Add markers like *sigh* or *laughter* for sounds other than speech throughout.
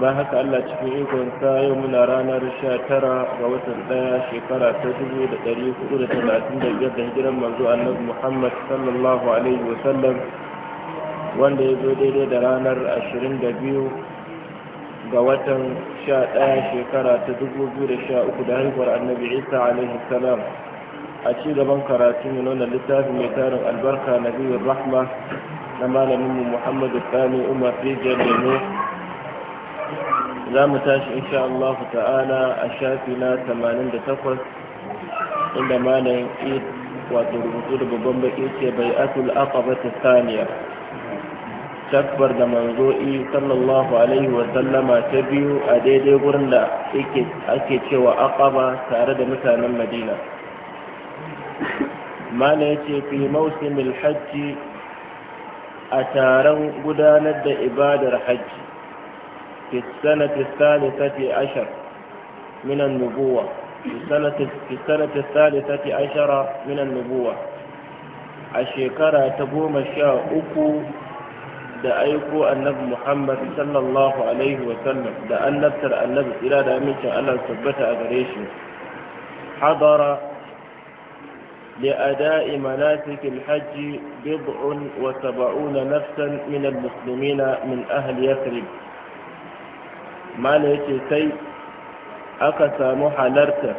ba haka Allah cikin ikonsa yau muna ranar 19 ga watan daya shekara ta 1435 da hijiran manzo annabi Muhammad sallallahu alaihi wa sallam wanda ya zo daidai da ranar 22 ga watan 11 shekara ta 2013 da haihuwar annabi Isa alaihi salam a ci gaban karatu ne nuna littafin mai tarin albarka na biyun rahma na malamin mu Muhammadu Sani Umar Rijiyar Lemo za mu tashi insha Allah ta'ala a shafi na 88 inda malam id wato rubutu da babban baki ce bai atul aqaba ta saniya takbar da manzo'i sallallahu alaihi wa sallama ta biyu a daidai gurin da ake cewa aqaba tare da mutanen madina mana ya ce fi mausimin hajji a taron gudanar da ibadar hajji في السنة الثالثة عشر من النبوة في السنة في السنة الثالثة عشر من النبوة الشيكرة تقوم الشاء أكو دأيكو النبي محمد صلى الله عليه وسلم دأن نبتر النبي إلى دامين شاء الله سبت أغريشن حضر لأداء مناسك الحج بضع وسبعون نفسا من المسلمين من أهل يثرب mana yace sai aka samu halarta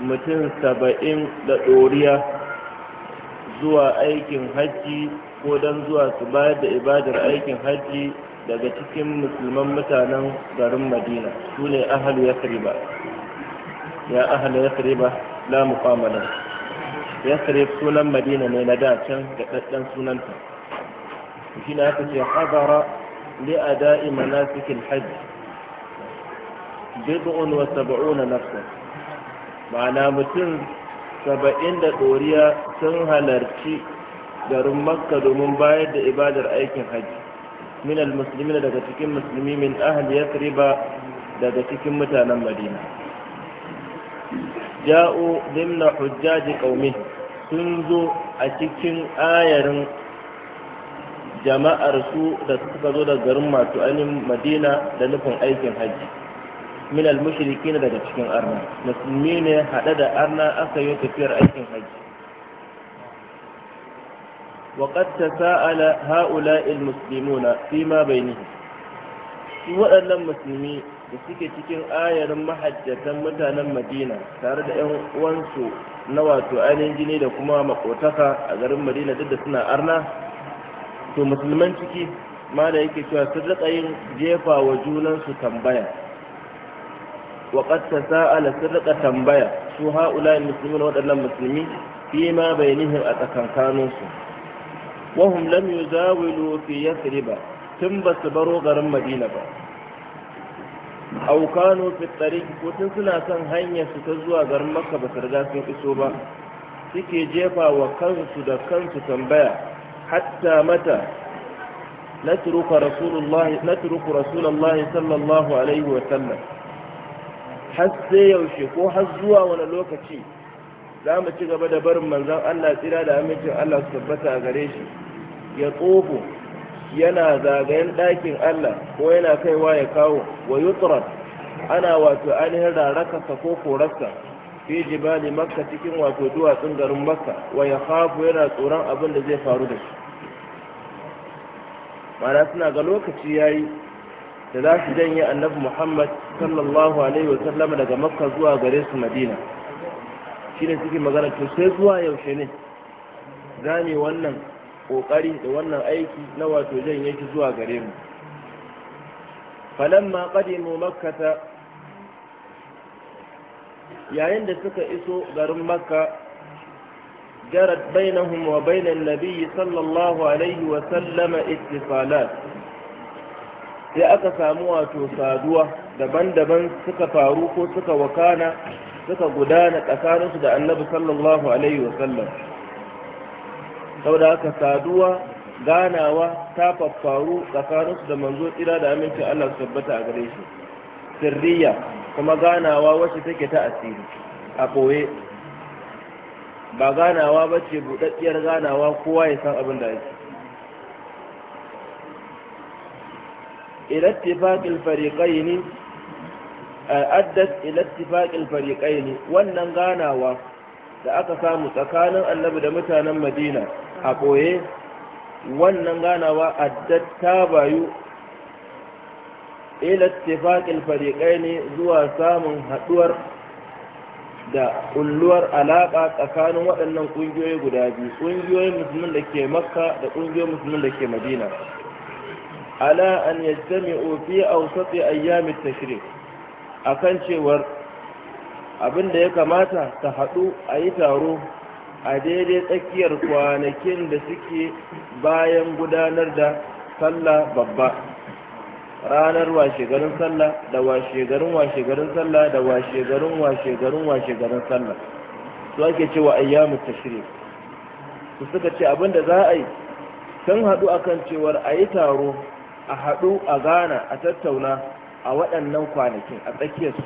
mutum saba'in da ɗoriya zuwa aikin hajji ko don zuwa su bayar da ibadar aikin hajji daga cikin musulman mutanen garin madina su ne ahalu ba ya ahalu yasriba la muqamalan yasrib sunan madina ne na dacen da daddan sunanta shi ne aka ce hadara li ada'i manasikin hajji bid'un wa sab'una nafsa ma'ana mutum saba'in da ɗoriya sun halarci garin makka domin bayar da ibadar aikin hajji min al-musulmi almuslimin daga cikin musulmi min ahli yathriba daga cikin mutanen madina ja'u dimna hujjaji qaumi sun zo a cikin ayarin jama'ar su da suka zo da garin masu madina da nufin aikin hajji min al na daga cikin arna musulmi ne haɗe da arna aka yi tafiyar aikin hajji وقد تساءل na المسلمون bai بينهم su waɗannan musulmi da suke cikin ayarin mahajjatan mutanen madina tare da 'yan uwansu na wato ainihin jini da kuma makotaka a garin madina duk da suna arna to musulman ciki ma da yake cewa sun riƙa yin jefa wa junansu tambaya wa qad tasa'ala sirqa tambaya su ha'ula muslimin waɗannan musulmi fi ma bainihim a tsakankanin su wa hum lam yuzawilu fi yathrib tun ba su baro garin madina ba aukano kanu fi tariq suna son hanyar su ta zuwa garin makka ba su riga sun iso ba suke jefa wa kansu da kansu tambaya hatta mata نترك رسول الله نترك رسول الله صلى har sai yaushe ko har zuwa wani lokaci za mu ci gaba da barin manzan Allah tsira da amincin Allah su tabbata a gare shi ya tsoho yana zagayen dakin Allah ko yana kaiwa ya kawo wa yutrat ana wato ainihin rarakarsa ko korarsa fi jibali makka cikin wato duwatsun garin makka wa ya khafu yana tsoron abin da zai faru da shi ma'ana suna ga lokaci yayi da za su janye annabi muhammad sallallahu alaihi wa sallama daga makka zuwa gare su madina shi ne suke magana to sai zuwa yaushe ne za mu wannan kokari da wannan aiki na wato janye shi zuwa gare mu falamma qadimu makkata yayin da suka iso garin makka jarat bainahum wa bainan nabiyyi sallallahu alaihi wa sallama ittifalat sai aka samu wato saduwa daban-daban suka faru ko suka wakana suka gudana tsakaninsu da annabi sallallahu alaihi wasallam saboda aka saduwa ganawa ta faffaru tsakaninsu da manzo tsira da aminci Allah su tabbata a gare shi sirriya kuma ganawa wacce take ta asiri a ɓoye ba ganawa ba ce buɗaɗɗiyar ganawa kowa ya san abin da ake إلى اتفاق الفريقين أدت إلى اتفاق wannan ganawa da aka samu tsakanin annabi da mutanen madina a ɓoye wannan ganawa addat ta bayu ila ittifaqil ne zuwa samun haɗuwar da kulluwar alaka tsakanin waɗannan ƙungiyoyi guda biyu ƙungiyoyin musulmin da ke makka da ƙungiyoyin musulmin da ke madina ala an yajtami'u fi awsati ayyamit A kan cewar abin da ya kamata ta haɗu a yi taro a daidai tsakiyar kwanakin da suke bayan gudanar da sallah babba ranar washegarin sallah da washegarin washegarin sallah da washegarin washegarin washegarin sallah su ake cewa ayyamu tashrik su suka ce abin da za a yi sun haɗu a kan cewar a yi taro a haɗu a gana a tattauna a waɗannan kwanakin a tsakiyarsu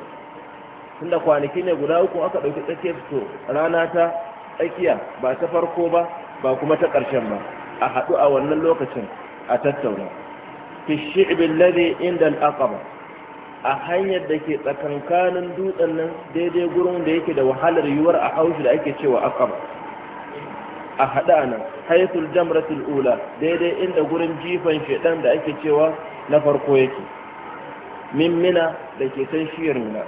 tunda kwanaki ne guda uku aka ɗauki tsakiyarsu to rana ta tsakiya ba ta farko ba ba kuma ta ƙarshen ba a haɗu a wannan lokacin a tattauna fi shi'bin lade inda al'aƙaba a hanyar da ke tsakankanin dutsen nan daidai gurin da yake da wahalar yiwuwar a haushi da ake cewa aqaba a haɗa nan haithul jamratul ula daidai inda gurin jifan shaidan da ake cewa na farko yake min da ke san shiyar mina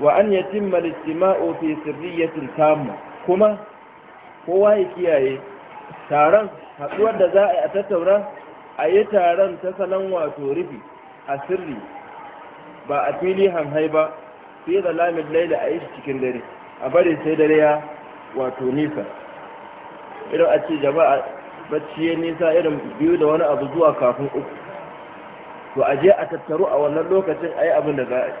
wa an yatimma listima'u fi sirriyatin tamma kuma kowa ya kiyaye taron haɗuwar da za a yi a tattaura a yi taron ta salon wato rufi a sirri ba a fili hanhai ba fi da lamin laila a yi cikin dare a bari sai dare ya wato nisa irin a ce jama'a bacci ya nisa irin biyu da wani abu zuwa kafin uku to a je a tattaru a wannan lokacin a yi abin da za a yi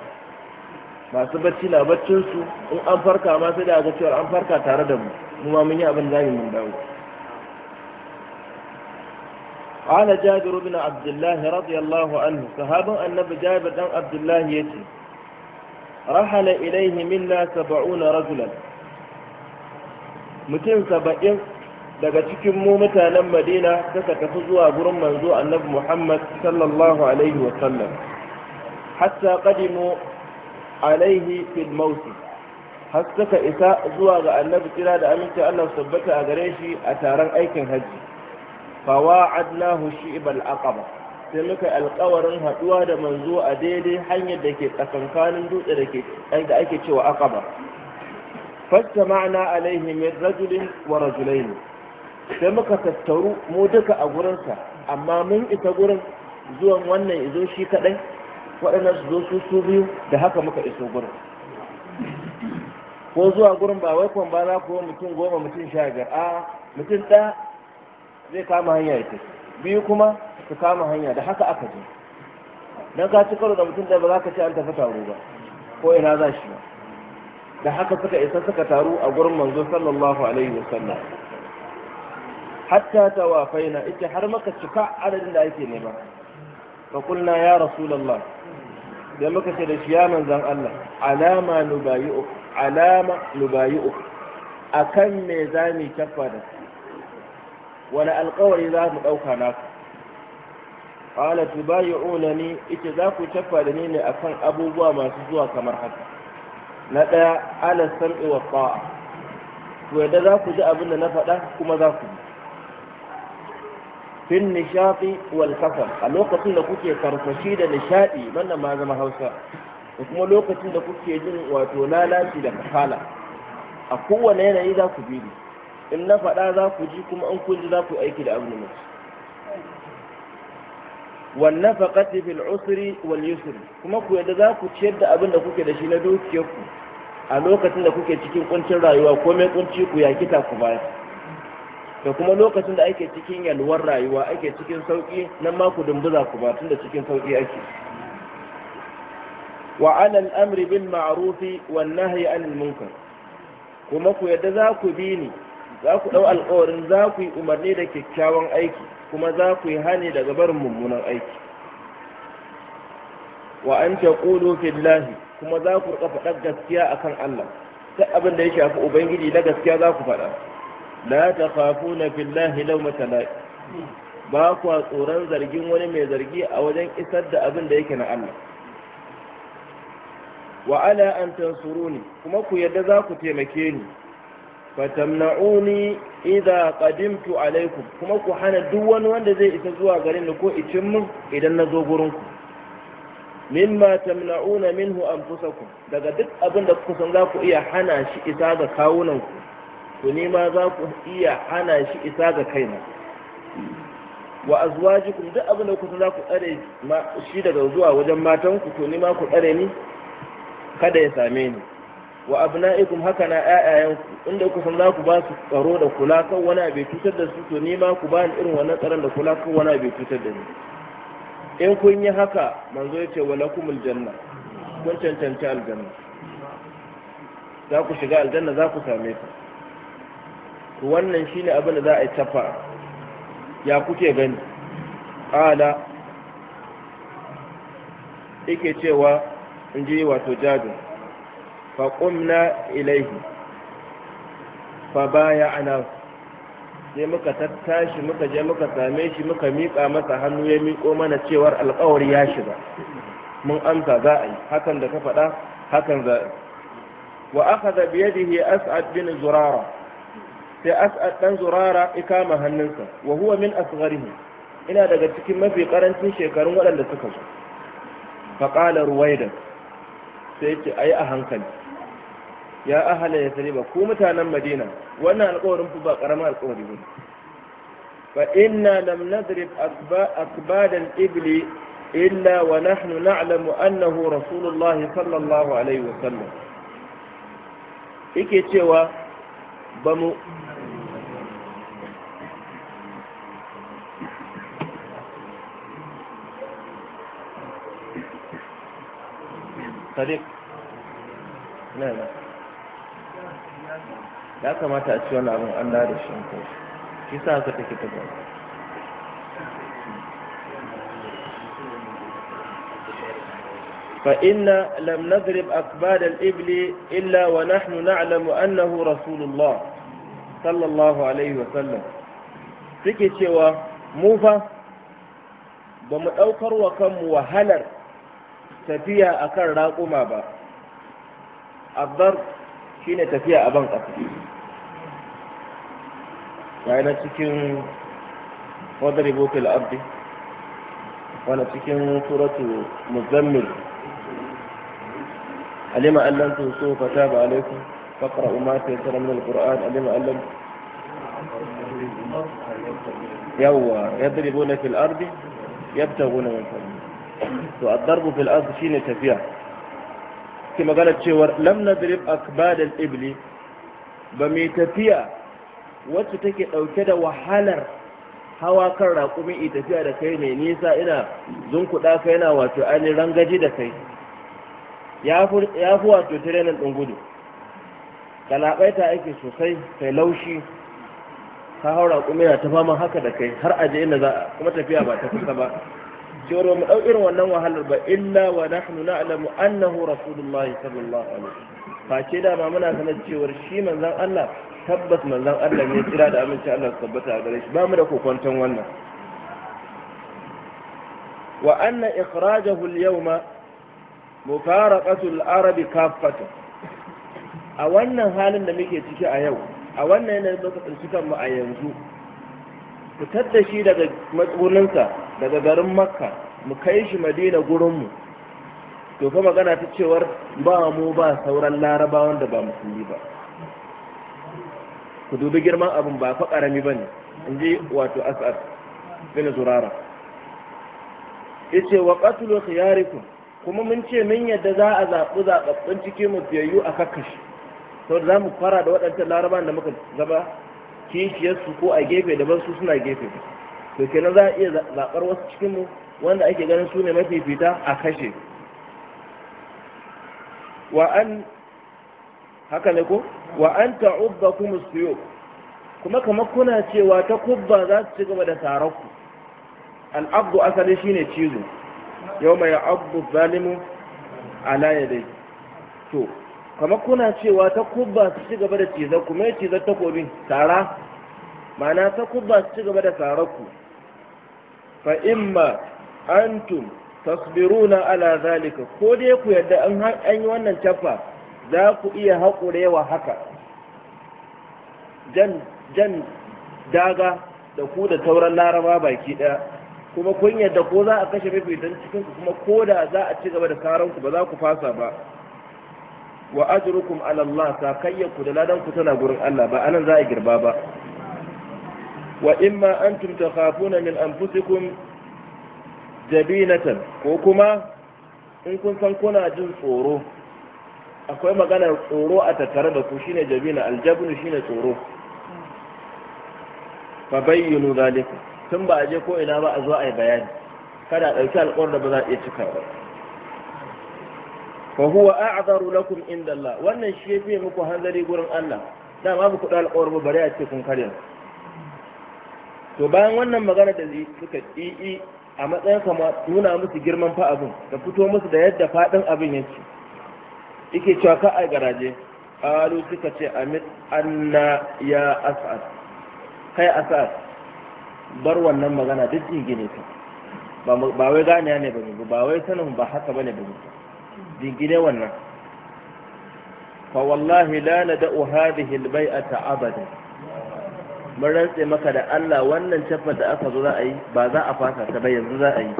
masu bacci na baccinsu in an farka ma sai da ga cewa an farka tare da mu mu ma mun yi abin da za mu dawo قال جابر بن عبد الله رضي الله عنه صحابا النبي جابر بن عبد الله يتي رحل إليه منا سبعون رجلا mutum saba'in daga cikin mu mutanen madina suka tafi zuwa gurin manzo annabi muhammad sallallahu alaihi sallam hatta qadimu alaihi fil mawt har suka isa zuwa ga annabi kira da aminci Allah su tabbata a gare shi a taron aikin hajji fawa'adnahu shi'bal aqaba sai muka alƙawarin haɗuwa da manzo a daidai hanyar da ke tsakankanin dutse da ake cewa aqaba alaihi min rajulin wa rajulain sai muka tattaru mu duka a gurinsa amma mun ita gurin zuwan wannan izo shi kaɗai waɗannan su zo su su biyu da haka muka iso gurin ko zuwa gurin ba wai kwan ba za ku mutum goma mutum sha biyar a mutum ɗaya zai kama hanya ya biyu kuma su kama hanya da haka aka je dan ka ci karo da mutum ɗaya ba za ka ce an tafi taro ba ko ina za shi ba da haka suka isa suka taru a gurin manzo sallallahu alaihi wasallam hatta tawafaina ita har maka cika adadin da ake nema fa kulna ya rasulullah da muka ce da shi ya manzan Allah alama nubayu alama nubayu akan me zamu kafa da wani alkawari za mu dauka naku qala ni ita za ku kafa da ni ne akan abubuwa masu zuwa kamar haka na ɗaya ala sam'i wa ta'a ku yadda za ku ji abin da na faɗa kuma za ku fin nishaɗi wal a lokacin da kuke karfashi da nishaɗi wannan ma zama hausa da kuma lokacin da kuke jin wato lalaci da kafala a kowane yanayi za ku bi in na faɗa za ku ji kuma in kun ji za ku aiki da abin da wannan في العسر واليسر wal kuma ku yadda za ku ciyar da abin da kuke da shi na dukiyar ku a lokacin da kuke cikin kuncin rayuwa ko mai kunci ku ya kita ku baya da kuma lokacin da ake cikin yalwar rayuwa ake cikin sauki nan ma ku dumbuza ku ba tunda cikin sauki ake wa ala al-amri bil ma'ruf wan nahyi anil munkar kuma ku yadda za ku bi ni za ku ɗau alƙawarin za ku yi umarni da kyakkyawan aiki kuma za ku yi hani daga barin mummunan aiki wa an taqulu fillahi kuma za ku rika faɗar gaskiya a kan Allah ta abin da ya shafi ubangiji na gaskiya za ku faɗa la takhafuna fillahi lawmata matala'i ba ku tsoron zargin wani mai zargi a wajen isar da abin da yake na Allah wa ala an tansuruni kuma ku yadda za ku taimake ni fatamna'uni idza qadimtu alaikum kuma ku hana duk wani wanda zai isa zuwa garin da ko icin mun idan na zo gurin ku mimma tamna'una minhu anfusakum daga duk abin da kusan za ku iya hana shi isa ga kawunan ku to ni ma za ku iya hana shi isa ga kaina wa azwajikum duk abin da kusan za ku tsare shi daga zuwa wajen matan ku to ni ma ku tsare ni kada ya same ni wa abna'ikum haka na ƴaƴayenku inda kuka san za ku ba su tsaro da kula kan wani abu cutar da su to ni ma ku ba ni irin wannan tsaron da kula kan wani abu cutar da ni in kun yi haka manzo ya ce walakum aljanna kun cancanci aljanna za ku shiga aljanna za ku same ta to wannan shine abin da za a yi tafa ya kuke gani ala yake cewa in ji wato jajin. فقمنا ilaihi fa baya sai muka tattashi muka je muka same shi muka miƙa masa hannu ya miƙo mana cewar alƙawari ya shiga mun amsa za a yi hakan da ka faɗa hakan za a yi wa aka da biyadihi as'ad bin zurara sai as'ad ɗan zurara ikama hannunsa wa huwa min asgharihi ina daga cikin mafi karancin shekarun waɗanda suka zo faƙalar qala ruwaida sai ce a yi a hankali يا أهل يثريب كوم تانا مدينة وانا القول رمفو با قرما القول دي فإنا لم نضرب أكباد الإبل إلا ونحن نعلم أنه رسول الله صلى الله عليه وسلم إكي تيوا بمو صديق نعم ya kamata a ci wani abin an da shi kai shi sa aka take ta gaba فإن لم نضرب أقبال الإبل إلا ونحن نعلم أنه رسول الله صلى الله عليه وسلم suke cewa mu fa ba mu ɗaukar wa kanmu wahalar tafiya a kan raƙuma ba abdar shi ne tafiya a ban yana cikin wadari bukil abdi wani cikin suratu muzammil alima allan tuso fata ba alaikun fakara umar ta yasara min alquran alima allan yawwa na fil ardi yabtaguna min fadli to ad-darbu fil ardi shine tafiya ki magana cewar lam nadrib akbad al-ibli ba mai tafiya wacce take ɗauke da wahalar hawa kan raƙumin ita tafiya da kai mai nisa ina zunkuɗa ka yana wato ainihin rangaji da kai ya fi wato tirenin ɗin gudu ta ake sosai kai laushi ka hau raƙumi na ta haka da kai har aje inda za a kuma tafiya ba ta kusa ba cewar mu ɗau wannan wahalar ba illa wa nahnu na'lamu annahu rasulullahi sallallahu alaihi Ba ce dama muna sanar cewar shi manzon Allah tabbas manzan Allah ne kira da aminci Allah su tabbata a gare shi ba mu da kokwanton wannan wa anna ikhrajahu al-yawma mufaraqatu al-arab kaffatan a wannan halin da muke ciki a yau a wannan yanayin da tsinci kanmu a yanzu fitar da shi daga matsuninsa daga garin makka mu kai shi madina gurinmu to fa magana ta cewar ba mu ba sauran larabawan da ba musulmi ba ku dubi girman abin ba fa karami bane in ji wato as'ad bin zurara yace wa qatlu khiyarikum kuma mun ce mun yadda za a zaɓi zaɓaɓɓun cikin mu biyayyu a kakkashi to za mu fara da waɗancan laraban da muka zaba kishiyarsu ko a gefe daban su suna gefe to kenan za a iya zaɓar wasu cikin mu wanda ake ganin su ne fita a kashe wa an haka ne ko wa an ta'ubba kuma siyo kuma kamar kuna cewa ta kubba za su ci gaba da tarakku al'abdu asali shine cizo yau mai abu zalimu ala ya dai to kamar kuna cewa ta kubba su ci gaba da ciza kuma ya ta takobin tara mana ta kubba su ci gaba da tarakku fa imma antum tasbiruna ala zalika ko dai ku yadda an yi wannan tafa. za ku iya haƙurewa haka jan daga da ku da tauran laraba baki ɗaya kuma kun yadda ko za a kashe mafi don cikin kuma ko da za a ci gaba da karanku ba za ku fasa ba wa ajrukum ala Allah ku da ladan tana gurin Allah ba anan za a girba ba wa imma antum takhafuna min anfusikum jabinatan ko kuma in kun san kuna jin tsoro akwai maganar tsoro a tattare da ku shine jabina aljabnu shine tsoro fa bayyinu zalika tun ba a je ko ina ba a zo a yi bayani kada a ɗauki alƙawar da ba za a iya cika ba fa huwa a'dharu lakum inda Allah wannan shi yafi muku hanzari gurin Allah dama ba ku da alƙawar ba bare a ce kun karya to bayan wannan magana da suka yi a matsayin kama nuna musu girman fa abin da fito musu da yadda faɗin abin yake yake cewa ka a garaje Alu suka ce amit anna ya as'ad kai as'ad bar wannan magana duk jingine ta ba wai ganiya ne ba mu ba wai sanin ba haka bane ba mu jingine wannan fa wallahi la nad'u hadhihi al-bai'ata abada mun rantse maka da Allah wannan caffa da aka zo za a yi ba za a fasa ta ba yanzu za a yi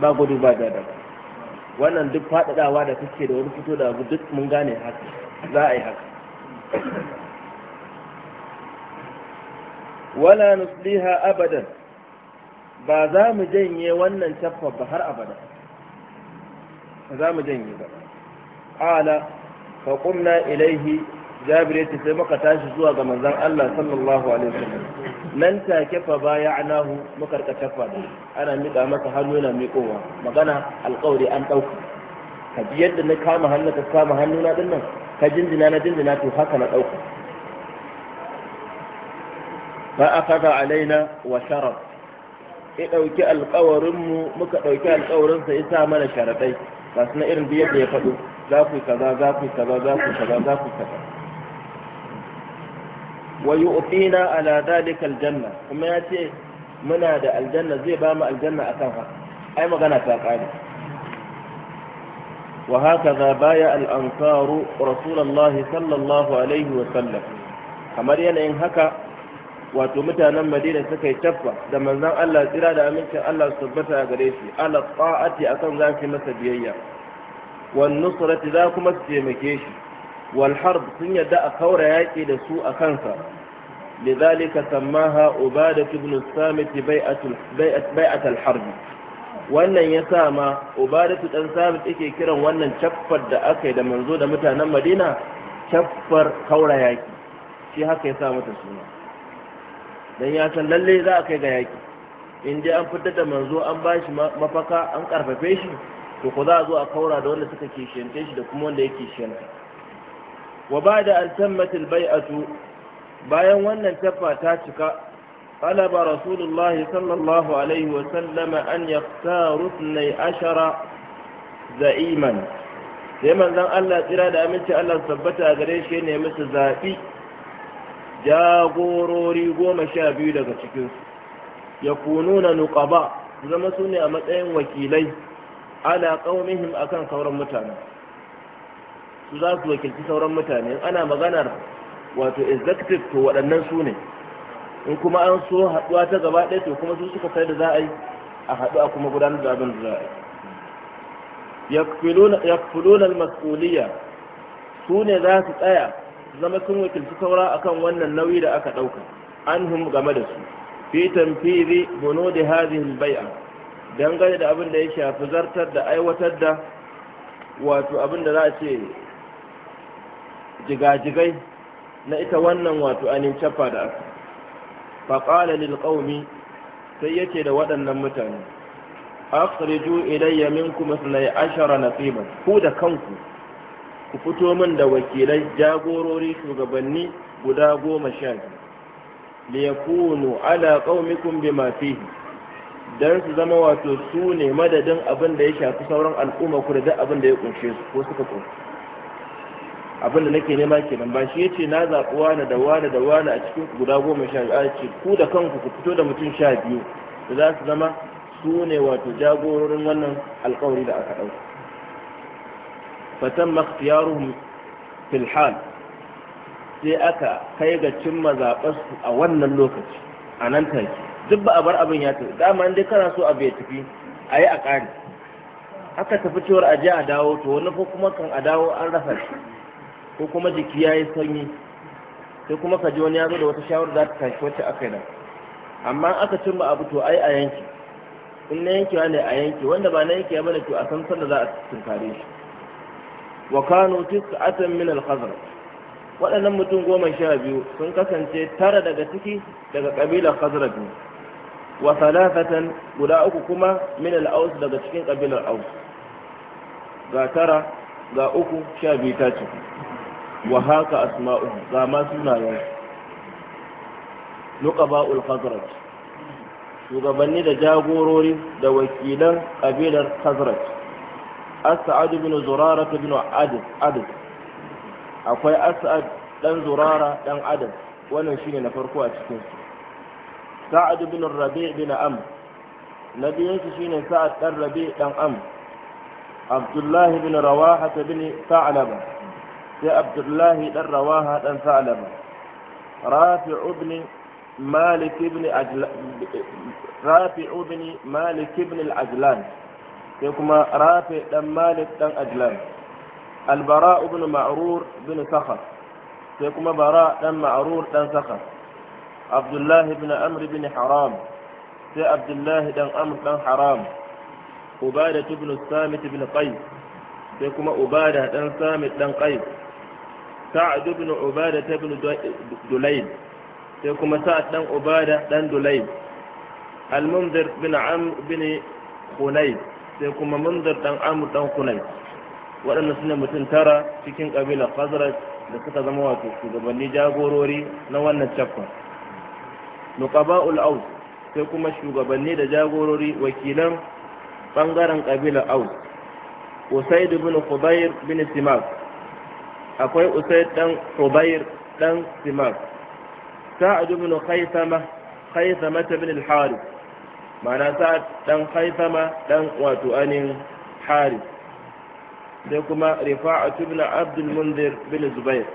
ba gudu ba gada ba wannan duk faɗaɗawa da kake da wani fito da abu duk mun gane haka za a yi haka wala nusliha abadan ba za mu janye wannan caffa ba har abada ba za mu janye ba qala fa qumna ilaihi جابر ya ce sai muka tashi zuwa ga manzon Allah sallallahu alaihi wasallam nan take fa bayanahu muka karkata fa ana miƙa maka hannu yana miƙowa magana alƙawari an dauka ka ji yadda na kama hannu ka kama hannu na dinnan ka jinjina na jinjina to haka na dauka fa akaza alaina wa sharaf ya ɗauki mu muka ɗauki alƙawarinsa ya sa mana sharadai ga na irin biyar ya faɗo za ku kaza za ku kaza za ku kaza za ku kaza wayi ofina ala aljanna kuma ya ce muna da aljanna zai ba mu aljanna akan haka ai magana ta kare wa za baya al Rasulallah sallallahu alaihi wa sallam kamar yanayin haka wato mutanen madina suka yi tabba da manzon Allah tsira da amincin Allah su tabbata a gare shi ala ta'ati akan zafi masa biyayya wan nusrati za kuma su taimake shi والحرب sun yadda a kaura yaƙi da su a kansa لذلك سماها عبادة بن الصامت بيعة الحرب wannan ya sa ma ubadatu dan samit yake kiran wannan caffar da aka yi da manzo da mutanen madina caffar kaura yaki shi haka ya sa mata suna dan ya san lalle za a kai ga yaki in dai an fitar da manzo an ba shi mafaka an karfafe shi to ko za a zo a kaura da wanda suka kishiyance shi da kuma wanda ya kishiyanta wa ba da an bai'atu bayan wannan tafa ta cika qalaba rasulullah sallallahu alaihi wa sallama an yaktaru ithnay ashara za'iman sai manzon Allah tsira da aminci Allah tabbata gare shi ne musu zabi jagorori goma sha biyu daga cikinsu ya kununa nuqaba zama su ne a matsayin wakilai ala a akan sauran mutane su za su wakilci sauran mutane ana maganar wato executive to waɗannan su ne in kuma an so haɗuwa ta gaba ɗaya to kuma su suka sai da za a yi a haɗu a kuma gudanar da abin da za a yi yakfuluna al-mas'uliyya su ne za su tsaya zama sun wakilci saura akan wannan nauyi da aka ɗauka an anhum game da su fi tanfiri bono da hadhihi al-bai'a dangane da abin da ya shafi zartar da aiwatar da wato abin da za a ce jigajigai na ita wannan wato ainihin cafa da aka faƙala lil qaumi sai yace da waɗannan mutane akhriju ilayya minkum ithnay ashara nasiban ku da kanku ku fito min da wakilai jagorori shugabanni guda goma sha biyu liyakunu ala qaumikum bima fihi dan su zama wato su ne madadin abin da ya shafi sauran al'umma ku da abin da ya kunshe su ko suka kunshe abinda nake nema kenan ba shi yace na zaɓi wani da wani da wani a cikin guda goma sha biyu ce ku da kanku ku fito da mutum sha biyu da za su zama su ne wato jagororin wannan alkawari da aka ɗauka fatan makhtiyaruhum fil hal sai aka kai ga cimma zaɓarsu a wannan lokaci a nan take duk ba a bar abin ya tafi dama dai kana so abu ya tafi a yi a ƙari aka tafi cewar a je a dawo to wani ko kuma kan a dawo an rasa shi ko kuma jiki ya yi sanyi sai kuma ka ji wani ya zo da wata shawar za ta tashi wacce aka yi amma aka cimma abu to ai a yanki in na yankewa ne a yanki wanda ba na yankewa bane to a san sanda za a tunkare shi wa kanu tis'atan min al waɗannan mutum goma sha biyu sun kasance tara daga ciki daga ƙabilar khazraj ne wa thalathatan guda uku kuma min al daga cikin ƙabilar aus ga tara ga uku sha biyu ta ciki wa haka asma'u ga ma sunayen nuqaba'ul khazraj shugabanni da jagorori da wakilan kabilar khazraj as'ad ibn zurara ibn adad adad akwai as'ad dan zurara dan adad wannan shine na farko a cikin su sa'ad ibn rabi' ibn am na biyan shine sa'ad dan rabi' dan am abdullahi ibn rawaha ibn sa'laba يا عبد الله دن رواها دن ثعلبة رافع بن مالك بن عجلان رافع بن مالك بن العجلان يكما رافع بن مالك بن عجلان البراء بن معرور بن سخر يكما براء بن معرور بن سخر عبد الله بن عمرو بن حرام سي عبد الله بن عمرو بن حرام عبادة بن الصامت بن قيس يكما عبادة بن صامت بن قيس sa'ad ibn ubada ta ibn dulayn sai kuma sa'ad dan ubada dan dulayn al-munzir bin amr bin hunayb sai kuma munzir dan amr dan hunayb waɗanda suna mutum tara cikin kabila khazraj da suka zama wato shugabanni jagorori na wannan chapter nuqaba'ul aus sai kuma shugabanni da jagorori wakilan bangaren kabila aus usaid bin khubayr bin simak akwai usaid dan hubair dan simar sa'ad ibn khaythama khaythama ibn al-harith ma'ana sa'ad dan khaythama dan wato anin harith sai kuma rifa'a ibn abd al-munzir bin zubair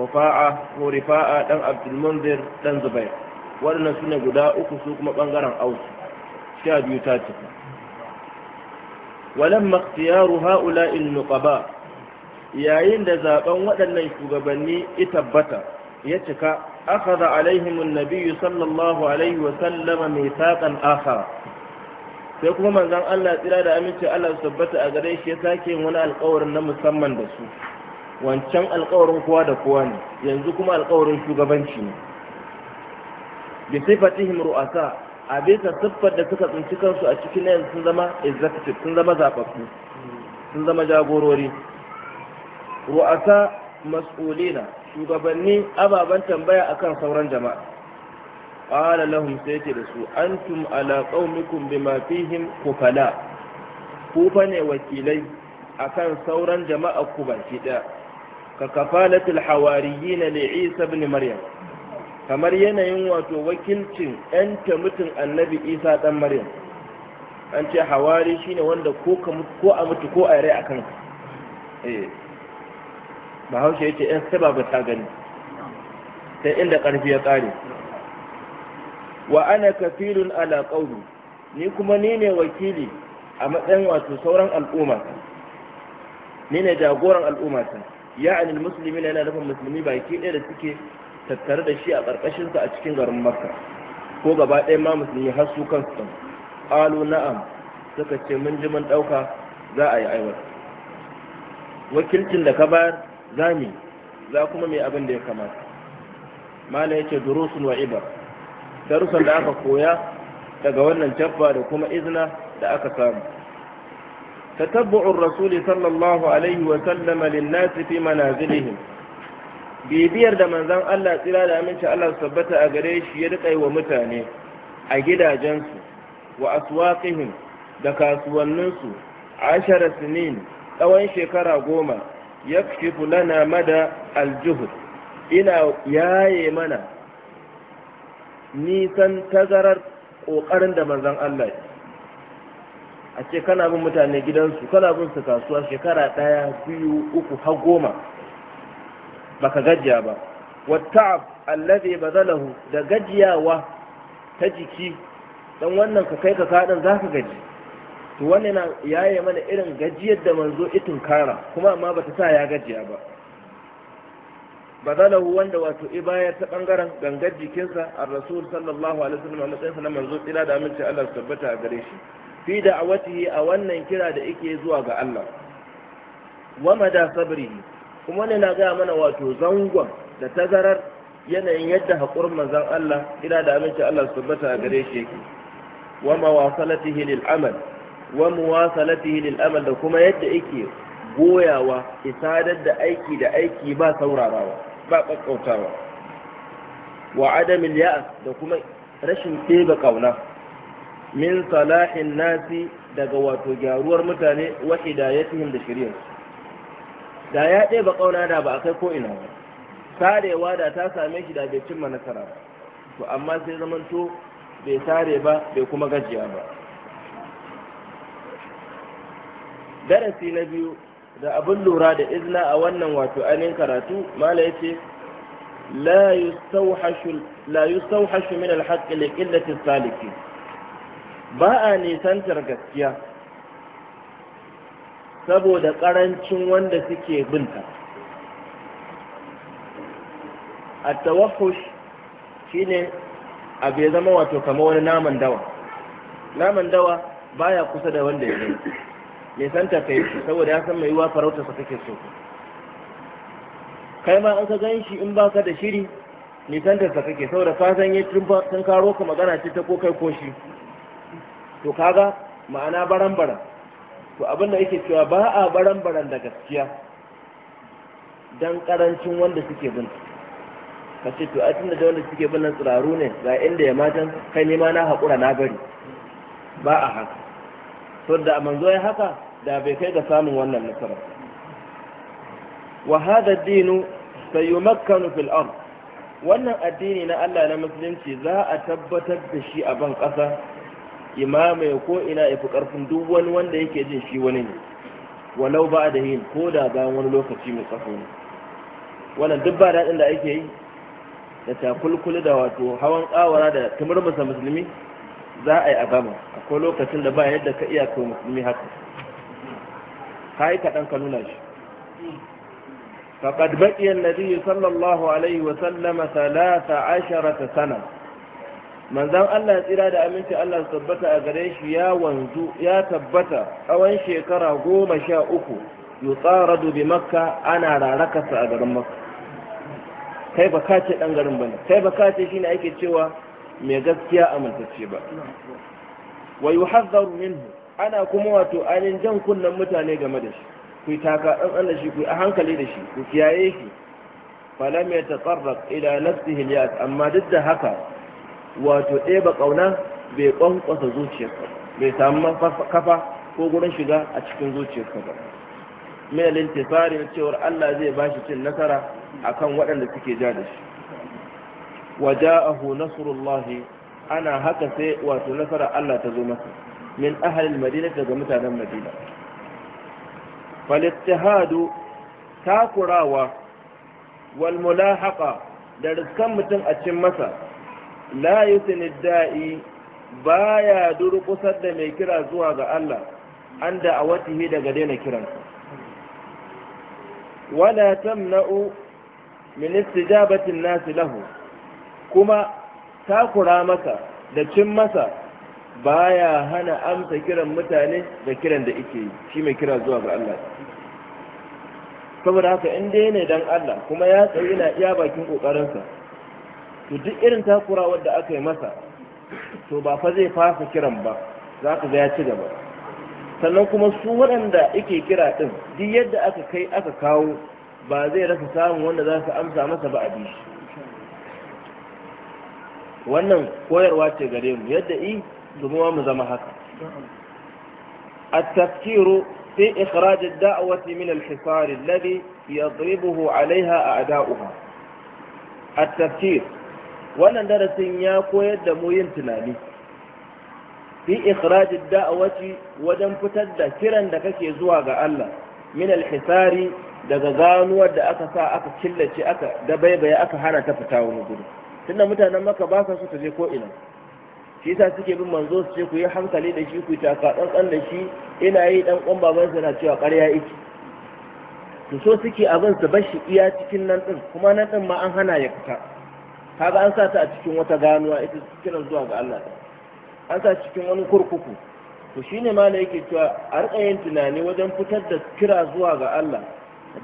rifa'a ko rifa'a dan abd al-munzir dan zubair wannan sune guda uku su kuma bangaren aus sha biyu ta tafi ولما اختيار هؤلاء النقباء yayin da zaben waɗannan shugabanni ya tabbata ya cika akhadha alaihimun nabiyu sallallahu alaihi wa sallama saƙan akhar sai kuma manzan Allah tsira da aminci Allah su tabbata a gare shi ya sake wani alkawarin na musamman da su wancan alƙawarin kowa da kowa ne yanzu kuma alkawarin shugabanci ne bi sifatihim ru'asa a bisa siffar da suka tsinci kansu a cikin yanzu sun zama executive sun zama sun zama jagorori ru'asa mas'ulina shugabanni ababen tambaya akan sauran jama'a qala lahum sai da su antum ala qaumikum bima fihim kufala ku fa ne wakilai akan sauran jama'a ku baki daya ka kafalatul hawariyina li isa ibn maryam kamar yanayin wato wakilcin yan mutum annabi isa dan maryam an ce hawari shine wanda ko a mutu ko a rai akan eh ba haushe ce yan saba ba ta gani sai inda ƙarfi ya ƙare wa ana kafilun ala qawli ni kuma ni ne wakili a matsayin wato sauran al'umma ni ne jagoran al'umma ta ya'ani musulmi na nufin musulmi baki ɗaya da suke tattare da shi a ƙarƙashinsa sa a cikin garin makka ko gaba ɗaya ma musulmi har su kansu alu na'am suka ce mun ji mun ɗauka za a yi aiwata wakilcin da ka bayar zami za kuma mai abin da ya kamata mala yace durusun wa ibar darussan da aka koya daga wannan jabba da kuma izna da aka samu tatabbu'ur rasuli sallallahu alaihi wa sallama lin-nas fi manazilihim bibiyar da manzon Allah tsira da aminci Allah tabbata a gare shi ya rika wa mutane a gidajensu wa aswaqihim da kasuwanninsu ashara sinin tsawon shekara goma yakshifu lana mada aljuhud ina yaye mana nisan tazarar ƙoƙarin da manzan Allah a ce kana bin mutane gidansu kana bin su kasuwa shekara ɗaya biyu uku har goma baka gajiya ba wata'ab allazi bazalahu da gajiyawa ta jiki dan wannan ka kai ka kaɗin za ka gaji to wannan ya mana irin gajiyar da manzo itin kara kuma amma bata sa ya gajiya ba badalahu wanda wato ibayar ta bangaren gangar jikinsa a rasul sallallahu alaihi wasallam a matsayinsa na manzo tsira da aminci Allah su tabbata a gare shi fi da a a wannan kira da yake zuwa ga Allah wa mada sabri kuma ne na gaya mana wato zangon da tazarar yanayin yadda haƙurin manzan Allah tsira da aminci Allah su tabbata a gare shi yake wa mawasalatihi lil amal wa muwasalatihi lil amal da kuma yadda yake goyawa isadar da aiki da aiki ba saurarawa ba kakkautawa wa adamin ya'as da kuma rashin ɗeba ƙauna min salahin nasi daga wato gyaruwar mutane wa hidayatihim da shiryar da ya ba ƙauna da ba a kai ko ina ba sarewa da ta same shi da bai cimma nasara ba to amma sai zamanto bai sare ba bai kuma gajiya ba darasi na biyu da abin lura da izina a wannan wato ainihin karatu mala ya ce la sauhashu min alhaƙi da ƙillacin saliki ba a nisantar gaskiya saboda ƙarancin wanda suke binta a shi ne abu ya zama wato kama wani naman dawa naman dawa baya kusa da wanda ya zai ka kai saboda ya san mai yiwa farauta sa kake so kai ma an ka gan shi in baka da shiri ta sa kake saboda ka san yi tun karo ka magana ce ta ko kai ko shi to kaga ma'ana baran baran to abin da yake cewa ba a baran baran da gaskiya dan karancin wanda suke bin ka ce to a cikin da wanda suke bin nan tsiraru ne ga inda ya matan kai nema na haƙura na gari. ba a haka to da manzo ya haka da bai kai ga samun wannan nasara wa hada dinu sayumakkanu fil ard wannan addini na Allah na musulunci za a tabbatar da shi a ban ƙasa imama ya ko ina ya fi ƙarfin duk wani wanda yake jin shi wani ne walau ba da yin ko da bayan wani lokaci mai tsaho ne wannan duk ba daɗin da ake yi da takulkuli da wato hawan ƙawara da tumurmusa musulmi za a yi a gama akwai lokacin da ba yadda ka iya kai musulmi haka ka yi kaɗan ka nuna shi faƙad baƙiyar nabi sallallahu alaihi wa sallama ashara ta sana manzan allah ya tsira da aminci allah su tabbata a gare shi ya wanzu ya tabbata tsawon shekara goma sha uku yi tsara dubi makka ana su a garin makka kai ba kace ce ɗan garin bane kai ba kace ce shine ake cewa mai gaskiya amintacce ba wa yuhadharu minhu ana kuma wato ainihin jan kunnen mutane game da shi ku taka ɗan Allah shi ku a hankali da shi ku kiyaye shi falam ya taqarrab ila nafsihi al amma duk da haka wato ɗeba ƙauna bai kwankwasa zuciyarsa bai samu kafa ko gurin shiga a cikin zuciyarsa ba mai lintifari cewa cewar Allah zai bashi cin nasara akan waɗanda suke ja da shi wa ja'ahu nasrullahi ana haka sai wato nasara Allah ta zo masa min ahlil madina daga mutanen madina falittihadu takurawa wal mulahaqa da riskan mutum a cin masa la yusni da'i baya durƙusar da mai kira zuwa ga Allah an da a watihi daga daina kiran. wala tamna'u min istijabatin nasi lahu kuma takura masa da cin masa baya hana amsa kiran mutane da kiran da ike yi shi mai kira zuwa ga Allah saboda haka in dai ne dan Allah kuma ya tsaye ina iya bakin kokarinsa to duk irin takura wadda aka yi masa to ba fa zai fasa kiran ba za ka ga ya ci gaba sannan kuma su waɗanda ake kira din, duk yadda aka kai aka kawo ba zai rasa samun wanda za su amsa masa ba a bishi wannan koyarwa ce gare mu yadda i domin mu zama haka التفكير في إخراج الدعوة من الحصار الذي يضربه عليها أعداؤها التفكير wannan darasin ya koyar da mu yin tunani fi ikhrajid da'awati wajen fitar da kiran da kake zuwa ga Allah min alhisari daga ganuwar da aka sa aka killace aka dabaibaye aka hana ta fita wani gudu tunda mutanen maka ba sa so ta je ko ina shi yasa suke bin manzo su ce ku yi hankali da shi ku taka tsantsan da shi ina yi dan baban babansa na cewa ƙarya yake to so suke abin su bar shi iya cikin nan din kuma nan din ma an hana ya fita kaga an sa ta a cikin wata ganuwa ita kiran zuwa ga Allah an sa cikin wani kurkuku to shine ma yake cewa a rika yin tunani wajen fitar da kira zuwa ga Allah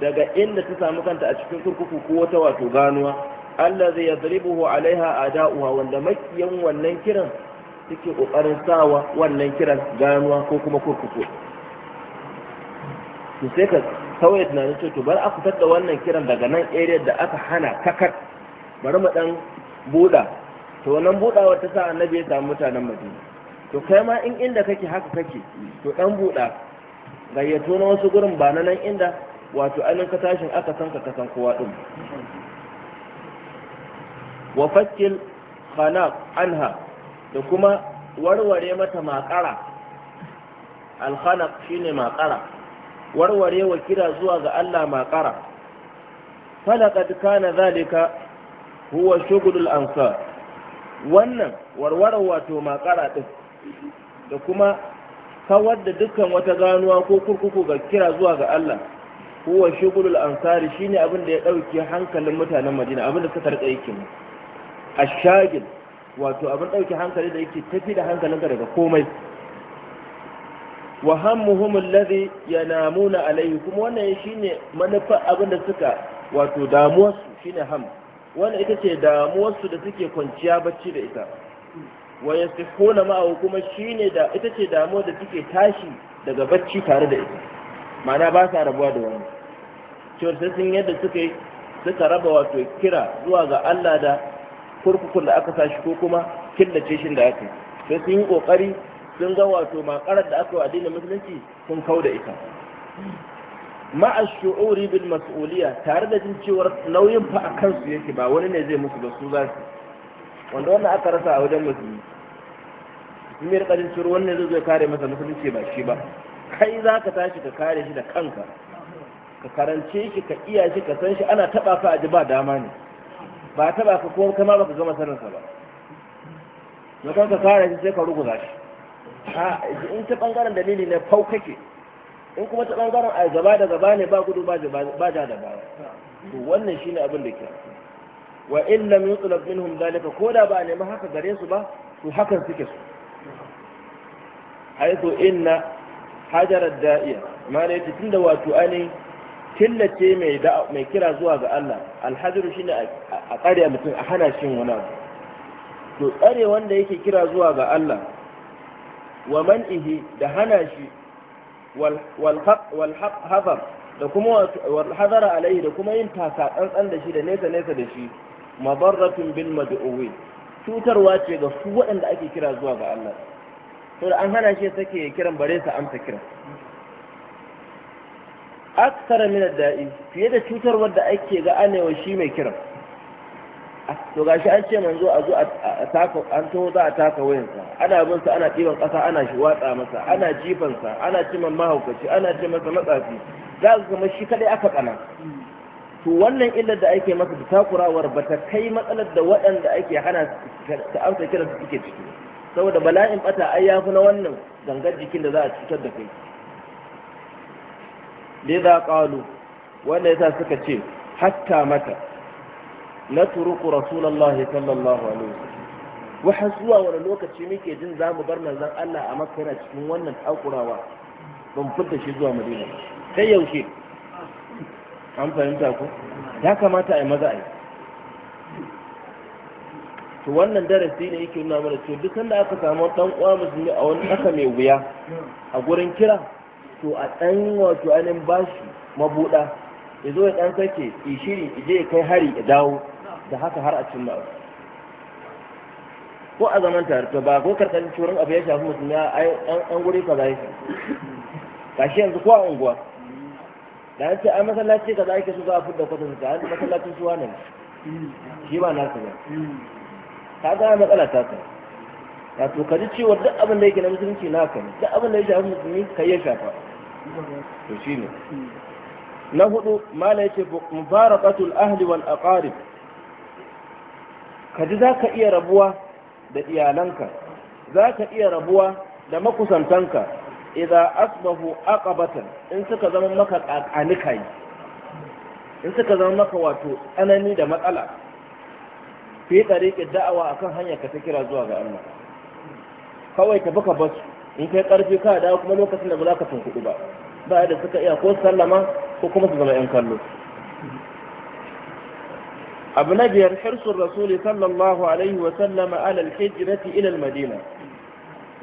daga inda ta samu kanta a cikin kurkuku ko wata wato ganuwa allazi yadribuhu alaiha ada'uha wanda makiyan wannan kiran suke kokarin sawa wannan kiran ganuwa ko kuma kurkuku to sai ka sauya tunanin cewa to bar a fitar da wannan kiran daga nan area da aka hana kakar bari mu dan buɗa to wannan buɗawa ta sa annabi ya samu mutanen madina to kai ma in inda kake haka kake to dan buɗa gayyato na wasu gurin ba na nan inda wato ainihin ka tashin aka san ka kasan kowa din wa fakkil khanaq anha da kuma warware mata makara alkhanaq shine makara warware wa kira zuwa ga Allah makara falaqad kana zalika huwa shughlul ansar wannan warware wato makara din da kuma kawar da dukkan wata ganuwa ko kurkuku ga kira zuwa ga Allah huwa shughlul ansari shine abin da ya dauke hankalin mutanen Madina abin da suka tarka yake ashagil wato abin ɗauki hankali da yake tafi da hankalin ka daga komai wa hammuhum alladhi yanamuna alayhi kuma wannan shine manufa abin da suka wato damuwarsu shine ham wannan ita ce su da suke kwanciya bacci da ita wa yasihuna ma kuma shine da ita ce damuwar da suke tashi daga bacci tare da ita ma'ana ba sa rabuwa da wani cewar sun yadda suka yi suka raba wato kira zuwa ga Allah da kurkukun da aka sashi ko kuma killace shi da aka sai sun yi kokari sun ga wato makarar da aka yi addinin musulunci sun kau da ita ma'a shu'uri bil mas'uliya tare da jin cewar nauyin fa a kansu yake ba wani ne zai musu ba su za su wanda wannan aka rasa a wajen musulmi sun yi rikarin ciro wannan zai zai kare masa musulunci ba shi ba kai za ka tashi ka kare shi da kanka ka karance shi ka iya shi ka san shi ana taba ka a ji ba dama ne ba ta ba ka kuma kama baka gama saninsa ba na kan ka fara shi sai ka ruguza shi a in ta bangaren dalili ne fau kake in kuma ta bangaren a gaba da gaba ne ba gudu ba ja da ba. to wannan shine abin da ke wa in lam yutlab minhum dalika ko da ba a nemi haka gare su ba to hakan suke su haythu inna hajarar da'iya ma ne tunda wato ainihin killace mai mai kira zuwa ga Allah alhajiru shine a tsare mutum a hana shi wani abu to tsare wanda yake kira zuwa ga Allah wa man'ihi da hana shi wal hazar da kuma wal hadara alaihi da kuma yin taka tsantsan da shi da nesa nesa da shi mabarratun bil mad'uwi cutarwa ce ga su waɗanda ake kira zuwa ga Allah to da an hana shi sake kiran bare sa amsa kiran aksara min da'i fiye da cutar wadda ake ga anewa shi mai kiran to gashi an ce manzo a zo a taka an taho za a taka wayansa ana bin sa ana ɗiban ƙasa ana shi watsa masa ana jifan sa ana ciman mahaukaci ana ce masa matsafi za ka kamar shi kadai aka tsana to wannan illar da ake masa da takurawar ba ta kai matsalar da waɗanda ake hana ta amsa kiran su suke ciki saboda bala'in bata ai yafi na wannan gangar jikin da za a cutar da kai lidha qalu wanda yasa suka ce hatta mata na turuku Rasulallah sallallahu alaihi wasallam wahan zuwa wani lokaci muke jin za mu bar manzon Allah a makka yana cikin wannan takurawa ban fita shi zuwa madina sai yaushe an fahimta ku ya kamata a yi maza a yi to wannan darasi ne yake nuna mana to duk sanda aka samu dan uwa musulmi a wani tsaka mai wuya a gurin kira to a ɗan wato ainihin bashi mabuɗa ya zo ya ɗan sake ya shiri ya je ya kai hari ya dawo da haka har a cin abu ko a zaman tare to ba ko karɓar curin abu ya shafi mutum ya an guri ka zai shi yanzu ko a unguwa da an ce ai masallaci ka zai ke su za a fudda kwata su ta masallacin su wani shi ba nasu ba ka ga matsala ta ta wato ka ji cewa duk abin da yake na musulunci naka ne duk abin da ya shafi musulmi ka yi shafa to shine na hudu mala yake mubarakatul ahli wal aqarib kaji zaka iya rabuwa da iyalanka zaka iya rabuwa da makusantanka idza asbahu aqabatan in suka zama maka kakanikai in suka zama maka wato tsanani da matsala fi tsariƙin da'awa akan hanyar ka ta kira zuwa ga Allah kawai ka ka basu in kai karfi ka da kuma lokacin da ba za ka tun kuɗi ba ba da suka iya ko sallama ko kuma su zama yan kallo abu na biyar hirsun rasuli sallallahu alaihi wa sallama alal hijrati ila madina